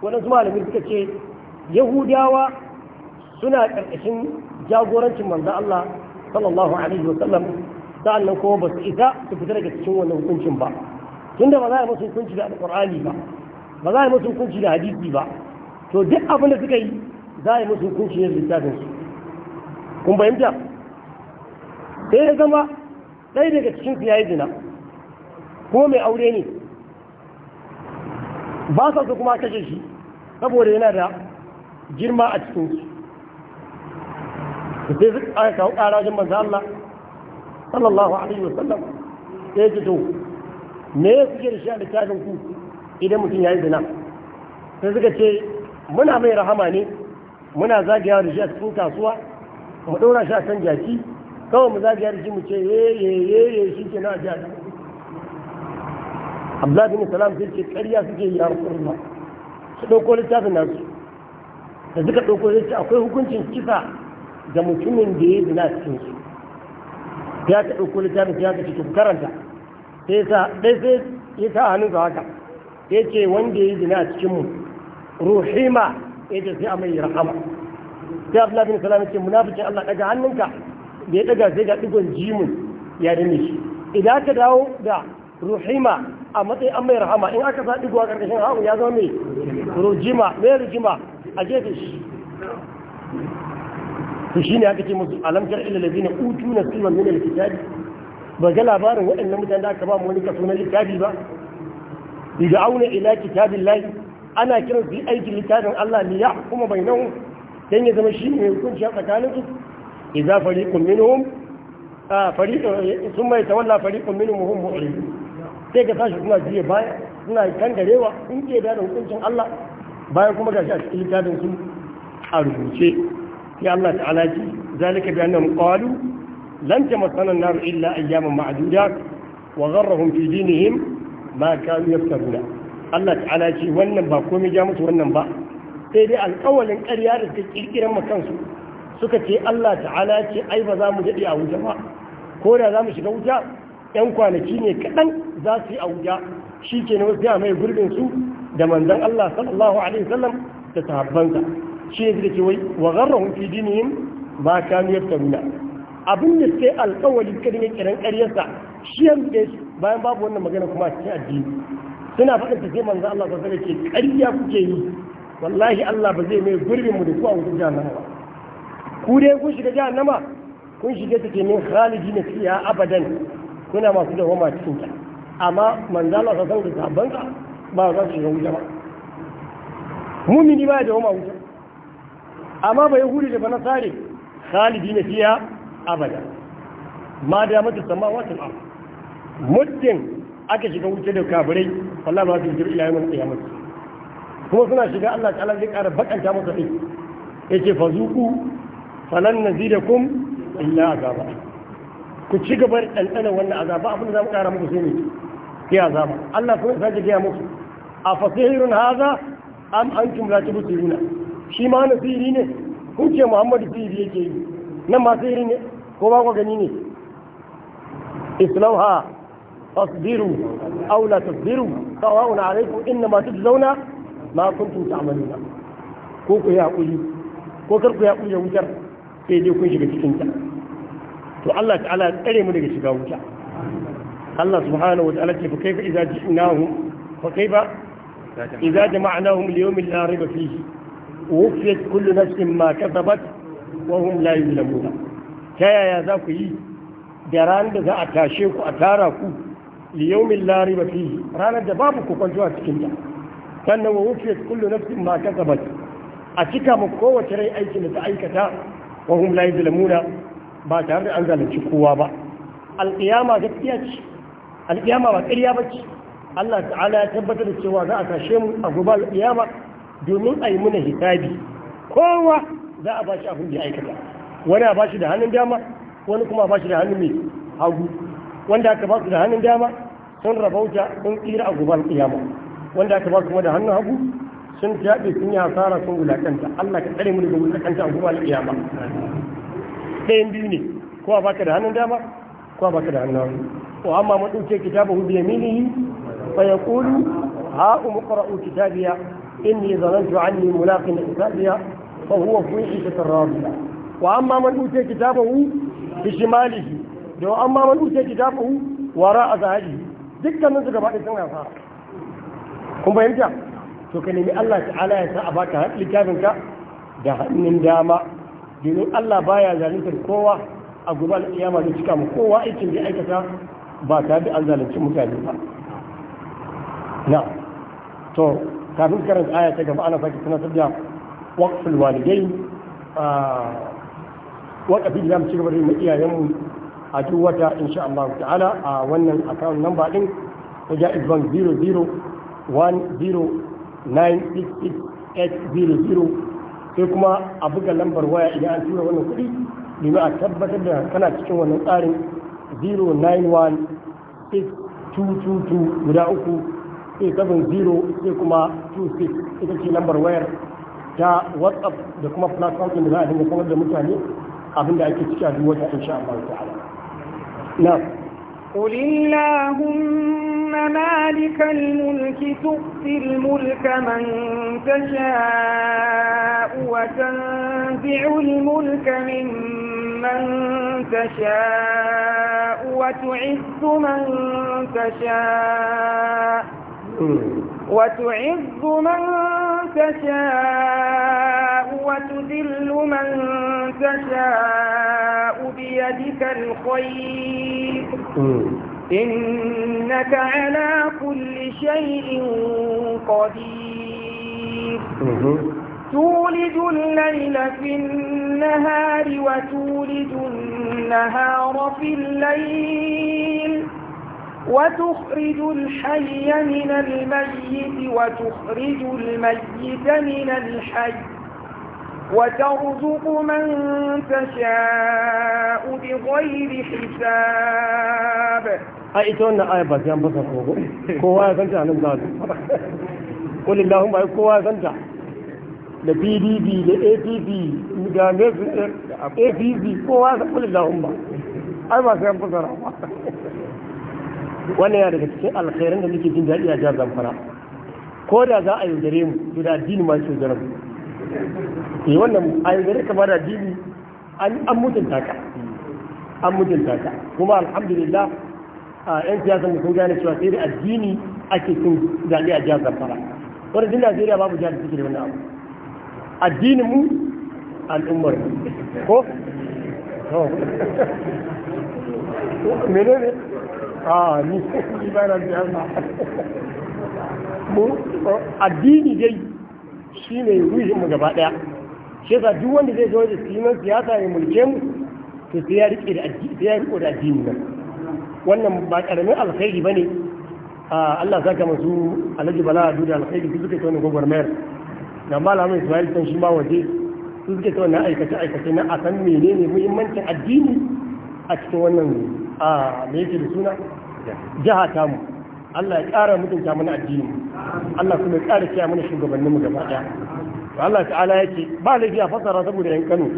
wadansu malamin suka ce yahudawa suna ƙarƙashin jagorancin manzan Allah sallallahu alaihi wasallam annan kuma ba su isa su fita daga cikin wannan hukuncin ba tunda ba za a yi musu hukunci da alqur'ani ba ba za a yi musu hukunci da hadisi ba to duk abin da suka yi za a yi musu hukunci ne da littafin su kun bayyana sai ya zama ɗaya daga cikin su yayi zina kuma mai aure ne ba sa su kuma kashe shi saboda yana da girma a cikin su sai su aka kawo ƙara wajen manzo Allah sallallahu alaihi wa sallam sai ji to me suke da shi a littafin ku idan mutum ya yi zina sai suka ce muna mai rahama ne muna zagayawa da shi a cikin kasuwa mu ɗora shi a kan jaki kawai mu zagaya da shi mu ce yeye shi ke na ajiya da Abdullahi bin Salam sai ce ƙarya suke yi a Rasulullah su ɗauko littafin nasu da suka ɗauko zai ce akwai hukuncin kisa ga mutumin da ya zina cikin su ya ta ɗauko littafin ya ta cikin karanta sai sa ɗai sai ya sa hannun sa haka ya ce wanda ya zina cikin mu ruhima ya ce sai a mai rahama sai abu lafi salama ce munafikin allah ɗaga hannunka da ya ɗaga sai ga ɗigon jimin ya dame shi idan aka dawo da ruhima a matsayin an mai rahama in aka sa ɗigo a ƙarƙashin hagu ya zama mai rujima mai rujima a gefe shi to ne aka ce musu alamtar tar na ladina utu nasiban min alkitabi ba ga labarin waɗannan mutanen da aka ba mu wani kaso na littafi ba bid'auna ila kitabillahi ana kiran su aikin littafin Allah ya? li yahkuma bainahum dan ya zama shi ne hukunci a tsakanin su idza fariqun minhum a fariqun thumma yatawalla fariqun minhum hum mu'ridun sai ga sashi suna jiye baya suna kan darewa in ke da hukuncin Allah bayan kuma gashi a cikin littafin su a rubuce sai Allah ta'ala ce zalika bi annahum qalu lan tamassana an-nar illa ayyaman ma'dudat wa gharrahum fi dinihim ma kanu yaftaruna Allah ta'ala ce wannan ba komai ja musu wannan ba sai dai alƙawalin ƙarya da suka kirkiran makansu suka ce Allah ta'ala ce ai ba za mu daɗe a wuta ba ko da za mu shiga wuta ƴan kwanaki ne kaɗan za su yi a wuta shi ke na wasu mai su da manzan Allah sallallahu Alaihi wasallam da sahabbansa shi ne suka ce wai wa gharrahum fi dinihim ma kanu yaftaruna abin da sai alkawali suka dinga kiran karyarsa shi yanzu da bayan babu wannan magana kuma a cikin addini suna faɗin ta sai manzan Allah sallallahu alaihi wasallam ce ƙarya kuke yi wallahi Allah ba zai mai gurbin mu da ku a wutar jahannama ba ku dai kun shiga jahannama kun shiga take min na fiha abadan kuna masu dawama cikin ta amma manzan Allah sallallahu alaihi wasallam ba za su shiga wuta ba mumini ba da dawama wuta amma ba yahudi da bana sare khalidi na fiya abada ma da mata sama wata ba muddin aka shiga wuce da kafirai Allah ba su jira ilayen kiyamah kuma suna shiga Allah ta'ala zai ƙara bakanta masa ɗin yace fazuku falan nazidakum illa azaba ku ci gaba da ɗanɗanar wannan azaba abin da za mu ƙara muku sai ne ya azaba Allah kuma sake gaya muku a fasihirun haza am antum la tubsiruna shi ma na sihiri ne kun ce muhammadu sihiri yake yi nan ma sihiri ne ko ba ku gani ne islauha tasbiru aw la tasbiru sawa'un alaikum inna ma tujzauna ma kuntum ta'maluna ko ku ya kuli ko kar ku ya kuli wutar sai dai kun shiga cikin ta to Allah ta'ala ya tsare mu daga shiga wuta Allah subhanahu wa ta'ala ce fa kaifa idza ji'nahum fa kaifa idza jama'nahum li yawmin la rayba fihi wufiyat kullu nafsin ma kasabat wa hum la yuzlamuna ta yaya za ku yi da ranar da za a tashe ku a tara ku liyaumin lariba fihi ranar da babu ku kwanto a cikin ta sannan wa wufiyat kullu a cika mu kowace rai aikin da ta aikata wa hum la yuzlamuna ba tare da an zalunci kowa ba alƙiyama gaskiya ce alƙiyama ba ƙarya ba ce Allah ta'ala ya tabbatar da cewa za a tashe mu a gobe alƙiyama domin a yi muna hisabi kowa za a bashi abin da aikata wani a bashi da hannun dama wani kuma a bashi da hannun mai hagu wanda aka basu da hannun dama sun rabauta sun tsira a gobar kiyama wanda aka basu kuma da hannun hagu sun jaɓe sun yi hasara sun wulaƙanta Allah ka tsare mu daga wulaƙanta a gobar kiyama ɗayan biyu ne ko a baka da hannun dama ko a baka da hannun hagu ko amma mun ɗauke kitabu bi yaminihi fa yaqulu ha umqra'u kitabiya إني ظننت عني ملاق حسابيا فهو في عيشة راضية وأما من أوتي كتابه بشماله لو من أوتي كتابه وراء ظهره دكا من ذكر بعد سنة فارغ kun fahimta to ka Allah ta'ala ya sa a baka littafinka da hannun dama domin Allah baya zaluntar kowa a gobe al'iyama da cika mu kowa aikin da aikata ba da an zalunci mutane ba to kafin karanta aya ta gaba ana sake tunatar da waqful walidai ah, waqafi da mu ci gaba da iyayenmu a duk wata insha Allah ta'ala a wannan account number din ta jaiz bank 0010966800 sai kuma a buga lambar waya idan an tura wannan kuɗi domin a tabbatar da kana cikin wannan tsarin 0916 222 guda uku sai double zero sai kuma two six ita ce lambar wayar ta whatsapp da kuma platform ɗin da za a dinga sanar da mutane abin da ake ciki a duk wata insha Allah ta'ala na قل اللهم مالك الملك تؤتي الملك من تشاء وتنزع الملك ممن تشاء وتعز من تشاء وتعز من تشاء وتذل من تشاء بيدك الخير إنك على كل شيء قدير تولد الليل في النهار وتولد النهار في الليل وتخرج الحي من الميت وتخرج الميت من الحي وترزق من تشاء بغير حساب ايتونا ايبا جنب صفوق كوا سنجا نزاد قل اللهم اي كوا سنجا ده بي بي بي ده اي بي بي ده نفس اي بي بي كوا قل اللهم ايبا جنب صفوق wannan yana daga cikin alkhairan da muke jin daɗi a jihar zamfara ko da za a yi yaudare mu to da addini ma ke yaudare mu eh wannan a yi yaudare kamar da addini an mutunta ka an mutunta ka kuma alhamdulillah a yan siyasa mu sun gane cewa sai da addini ake cin zaɓe a jihar zamfara wani jin najeriya babu jihar da suke da wannan abu addinin mu al'ummar ko menene a ah, ni ba na biya ma mu addini dai shi ne mu gaba daya shi yasa duk wanda zai zo da siman siyasa ya mulke mu to sai ya rike da addini sai ya riko da addini nan wannan ba karamin alkhairi bane ah, Allah saka musu Alhaji Bala Adu da alkhairi su suka tona gwagwarmayar da malamin Ismail san shi ma waje su suka na aikace aikace na a san menene muhimmancin addini a cikin wannan a ah, me yake da suna jiha ta mu Allah ya ƙara mutunta mana addini Allah kuma ya ƙara kiyaye mana shugabannin mu gaba ɗaya Allah ta'ala yake ba laifi a fasara saboda yan Kano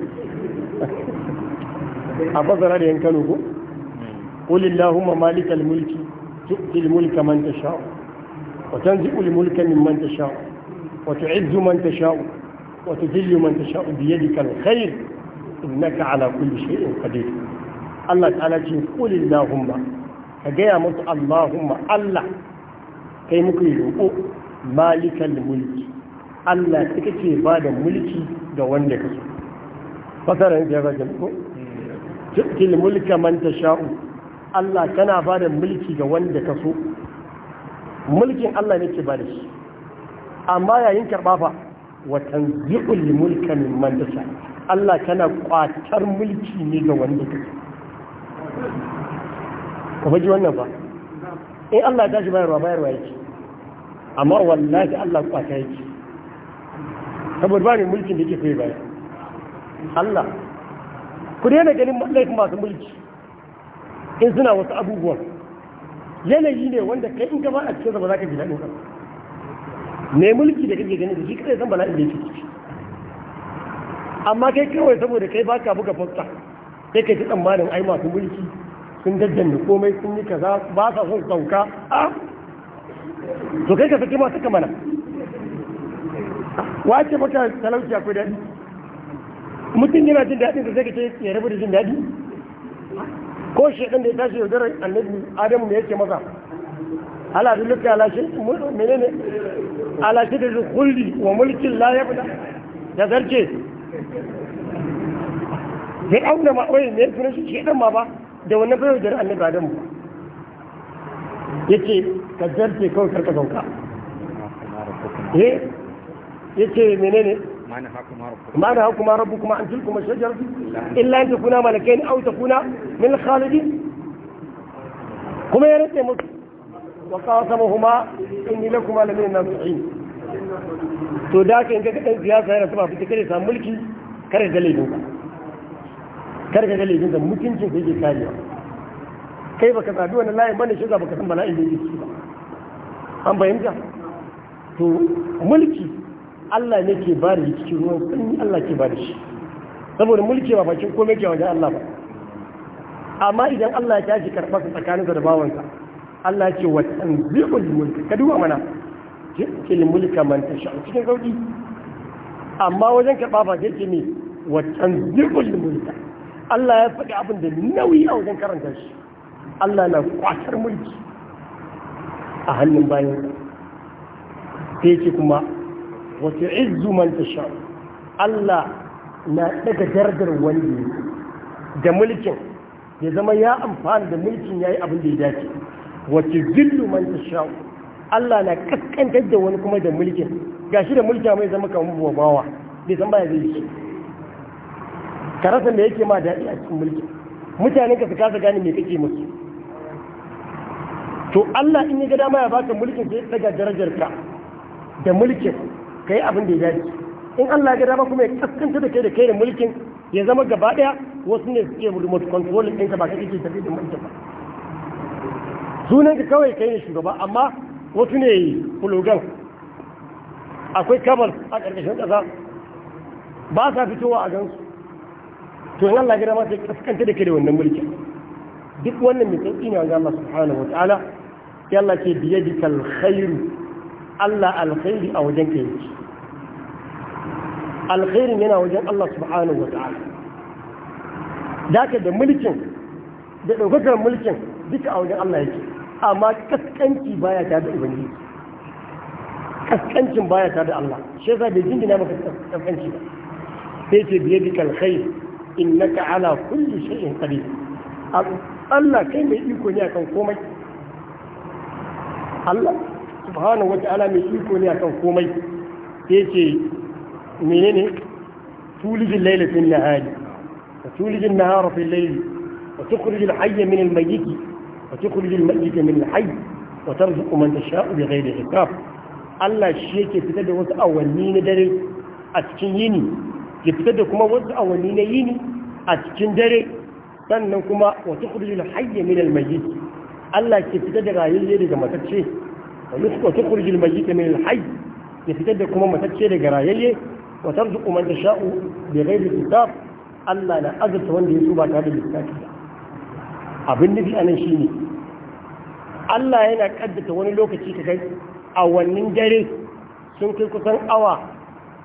a fasara da yan Kano ko qul illahumma malikal mulki tu'til mulka man tasha wa tanzi'ul mulka mimman tasha wa tu'izzu man tasha wa tudhillu man tasha bi yadika alkhair innaka ala kulli shay'in qadir Allah ta'ala ce qul illahumma ka gaya musu Allahumma Allah kai muku roƙo malikan mulki Allah ta kake ba da mulki ga wanda ka so fasarar ya ga ko tukil mulka man sha'u. Allah kana ba da mulki ga wanda ka so mulkin Allah ne ke ba da shi amma yayin karɓa fa wa tanzi'ul mulka manta sha'u. Allah kana kwatar mulki ne ga wanda ka so ka faji wannan ba in Allah ya tashi bayarwa bayarwa yake amma wallahi Allah ya kwata yake saboda ba ne mulkin da yake kai baya Allah ku daina ganin laifin masu mulki in suna wasu abubuwan yanayi ne wanda kai in gaba a cikin ba za ka ji daɗin ka ne mulki da kake ganin da shi kai san bala'in da yake ciki amma kai kawai saboda kai baka buga fasta sai kai ji tsammanin ai masu mulki sun daddanne komai sun yi kaza ba sa son sauka a ah! to kai ka saki ma suka mana wace maka talauci akwai dadi mutum yana jin daɗin da zai ce ya rabu da jin daɗi ko shi shaidan da ya tashi yaudara annabi adamu ne yake maza ala dulluka ala shi menene ala shi da zuhulli wa mulkin la yabda da zarce zai auna ma'oyin ne tunashi shi shaidan ma ba da wannan bai da annabi adam ce ka jarce kawai karka sauka eh yace menene ما نهاكما ربكما عن kuna min إلا أن تكونا ملكين أو تكونا من الخالدين كما يرد يموت وقاسمهما إني لكما لمن الناصحين to da haka in ka siyasa yana sama fita kare samu mulki kare dalilin ka kar ka ga da mutuncin sai ke karewa kai baka sadu wani layin bane shiga baka san bala'in da yake ba an bayyana to mulki Allah ne ke bada shi cikin ruwan sanyi Allah ke bada shi saboda mulki ba bakin komai ke wajen Allah ba amma idan Allah ya tashi karɓa su tsakanin da bawansa Allah ya ce wa tanzihul mulk ka duba mana tilkil mulka man tasha cikin sauki amma wajen karɓa ba sai ce ne wa tanzihul mulka Allah ya faɗi abin da nauyi a wajen karanta shi Allah na kwatar mulki a hannun bayan ta yake kuma wata izu man sha Allah na daga darajar wani da mulkin ya zama ya amfana da mulkin ya yi abin da ya dace wata zillu man sha Allah na kaskantar da wani kuma da mulkin gashi da mulkin mai zama kamar bawa bai san baya zai yi Karasa da me yake ma daɗi a cikin mulki mutane ka su kasa gane me kake musu to Allah in ya ga dama ya baka mulkin sai daga darajar ka da mulkin ka yi abin da ya dace in Allah ya ga dama kuma ya kaskanta da kai da kai da mulkin ya zama gaba daya wasu ne suke remote control ka ba kake tafi da mulkin ba sunan ka kawai kai ne shugaba amma wasu ne kulogan akwai kabar a ƙarƙashin ƙasa ba sa fitowa a gansu to in Allah gida ma sai kaskanta da kai da wannan mulkin duk wannan mai sauki ne wanda Allah subhanahu wa ta'ala sai Allah ce biyadikal alkhairu Allah alkhairi a wajen ka yake alkhairin yana wajen Allah subhanahu wa ta'ala dace da mulkin da ɗaukakar mulkin duka a wajen Allah yake amma kaskanci baya ta da ubangiji kaskancin baya ta da Allah shi yasa bai jingina maka kaskanci ba sai ce biyadikal alkhairu innaka ala kulli shay'in qadir Allah kai mai iko ne akan komai Allah subhanahu wata'ala mai iko ne akan komai yace menene tulijin laila fil nahari wa tulijin nahara fil layli wa tukhrijul hayya min al mayyit wa tukhrijul mayyita min al hayy wa tarzuqu man tasha'u bighayri hisab Allah shi yake fitar da wasu awanni na dare a cikin yini ya fitar da kuma wasu awanni na yini a cikin dare sannan kuma wata kurjin hayya mai almayyit Allah ke fitar da rayayye daga matacce wa yusku ta kurjin mayyit min alhayy ya fitar da kuma matacce daga rayayye wa tarzuqu man tasha'u bi ghairi hisab Allah na azurta wanda ya so ba tare da lissafi abin nufi shi ne. Allah yana kaddata wani lokaci ka kai awannin dare sun kai kusan awa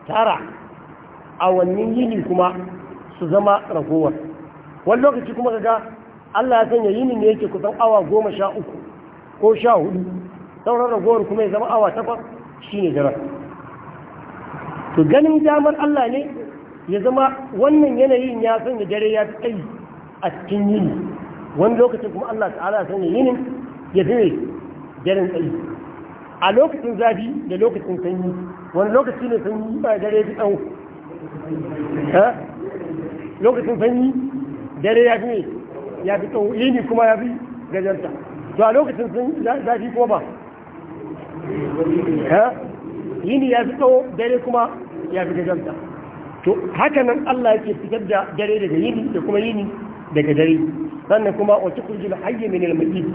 tara a wannan yini kuma su zama ragowar wani lokaci kuma ga Allah ya sanya yini ne yake kusan awa goma sha uku ko sha hudu sauran ragowar kuma ya zama awa takwas shi ne daren to ganin damar Allah ne ya zama wannan yanayin ya sanya dare ya tsayi a cikin yini wani lokacin kuma Allah ta'ala ya sanya yinin ya zai daren tsayi a lokacin zafi da lokacin sanyi wani lokaci ne sanyi ba dare ya fi tsawo Eh? lokacin sanyi dare ya fi ne ya fi tsawo yini kuma ya fi gajarta to a lokacin zafi ko ba eh? yini ya fi tsawo dare kuma ya fi gajarta to haka nan Allah yake fitar da dare daga yini da kuma yini daga dare sannan kuma wata kurjil hayye min al-mayyit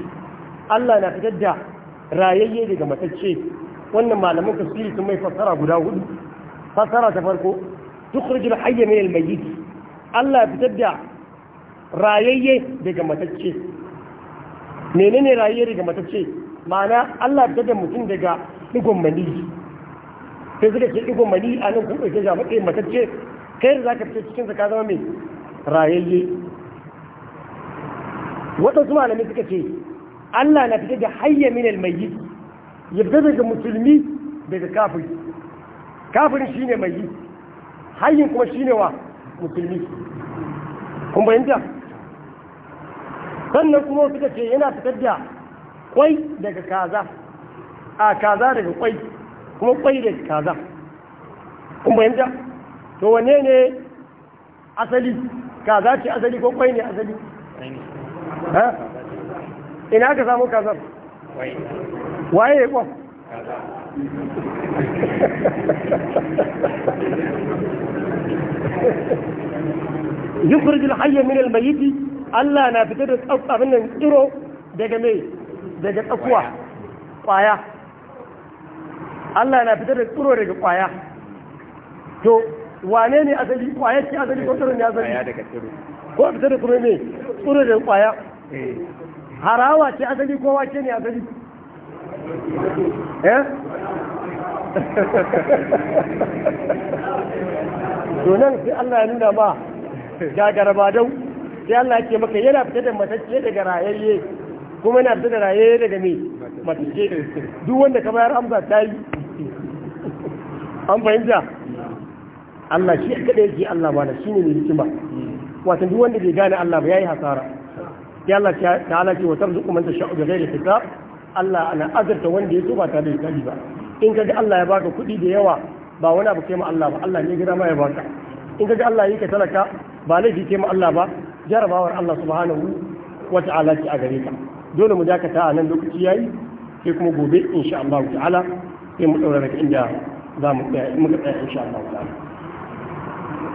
Allah na fitar da rayayye daga matacce wannan malamin tafsiri sun mai fassara guda hudu fassara ta farko tukhrijul hayya min al-mayyit Allah fitar da rayayye daga matacce menene rayayye daga matacce ma'ana Allah fitar da mutum daga digon mani sai suka ce digon mani a nan kun ɗauke shi a matsayin matacce kai da zaka fitar cikin ka zama mai rayayye waɗansu malamai suka ce Allah na fita da hayya min al-mayyit ya fitar daga musulmi daga kafiri kafirin shine mayyit hayyin kuma shi ne wa musulmi kun bayanta sannan kuma suka ce yana fitar da kwai daga kaza a kaza daga kwai kuma kwai daga kaza kun bayanta to wane ne asali kaza ce asali ko kwai ne asali ina ka samu kazar waye ya kwan yukhrijul hayya min al mayyit Allah na fitar da abin nan tsiro daga mai daga tsakuwa kwaya Allah na fitar da tsiro daga kwaya to wane ne asali kwaya ce asali ko tsiro ne asali ko fitar da kuma ne tsiro daga kwaya eh. harawa ce asali ko wace ne asali eh donan sai Allah ya nuna ma gagara ba dau sai Allah ya ce maka yana fita da matacce daga rayayye kuma yana fita da rayayye daga me matacce duk wanda ka bayar amsa ta yi an fahimta Allah shi kada yake Allah ba shi ne mai hikima wato duk wanda bai gane Allah ba yayi hasara sai Allah ta'ala ce wa tarzuqu man tasha'u bi ghairi hisab Allah ana azarta wanda ya so ba tare da kali ba in kaga Allah ya baka kuɗi da yawa ba wani abu kema Allah ba Allah ne gida ma ya baka in ga Allah yi ka talaka ba laifi kema Allah ba jarabawar Allah subhanahu wa ta'ala ce a gare ka dole mu dakata a nan lokaci yayi sai kuma gobe insha Allah ta'ala sai mu daura daga inda za mu tsaya muka tsaya insha Allah ta'ala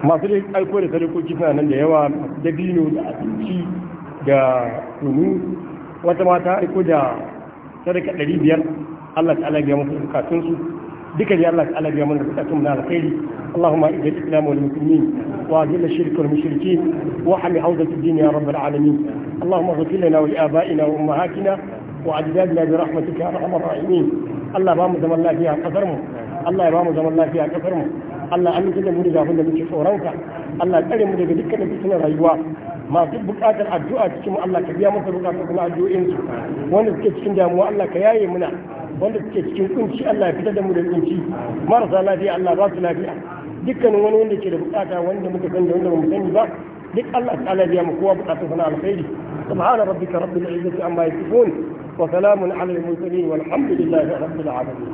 masu dai aiko da sadakoki suna nan da yawa dabino da abinci da kunu wata mata aiko da sadaka ɗari biyar Allah ta'ala biya musu bukatunsu duka dai Allah ta'ala biya mana bukatun na alkhairi Allahumma ajil al-islam wal muslimin wa ajil ash-shirk wal mushrikeen wa hami hawzat ad ya rabb al-alamin Allahumma ighfir lana wa li abaina wa ummahatina wa ajdadina bi rahmatika ya arhamar rahimin Allah ba mu zaman lafiya a kasar mu Allah ba mu zaman lafiya a da mu da muke tsoronka Allah ya mu daga dukkan fitinar rayuwa masu buƙatar addu'a cikin Allah ka biya masa buƙatar kuma addu'o'in su wanda suke cikin damuwa Allah ka yaye muna wanda suke cikin kunci Allah ya fitar da mu da kunci marasa lafiya Allah ba su lafiya dukkanin wani wanda ke da buƙata wanda muka sani da wanda ba mu sani ba duk Allah ta'ala biya mu kowa buƙatar sana alkhairi subhana rabbika rabbil izzati amma yasifun wa salamun ala al mursalin walhamdulillahi rabbil alamin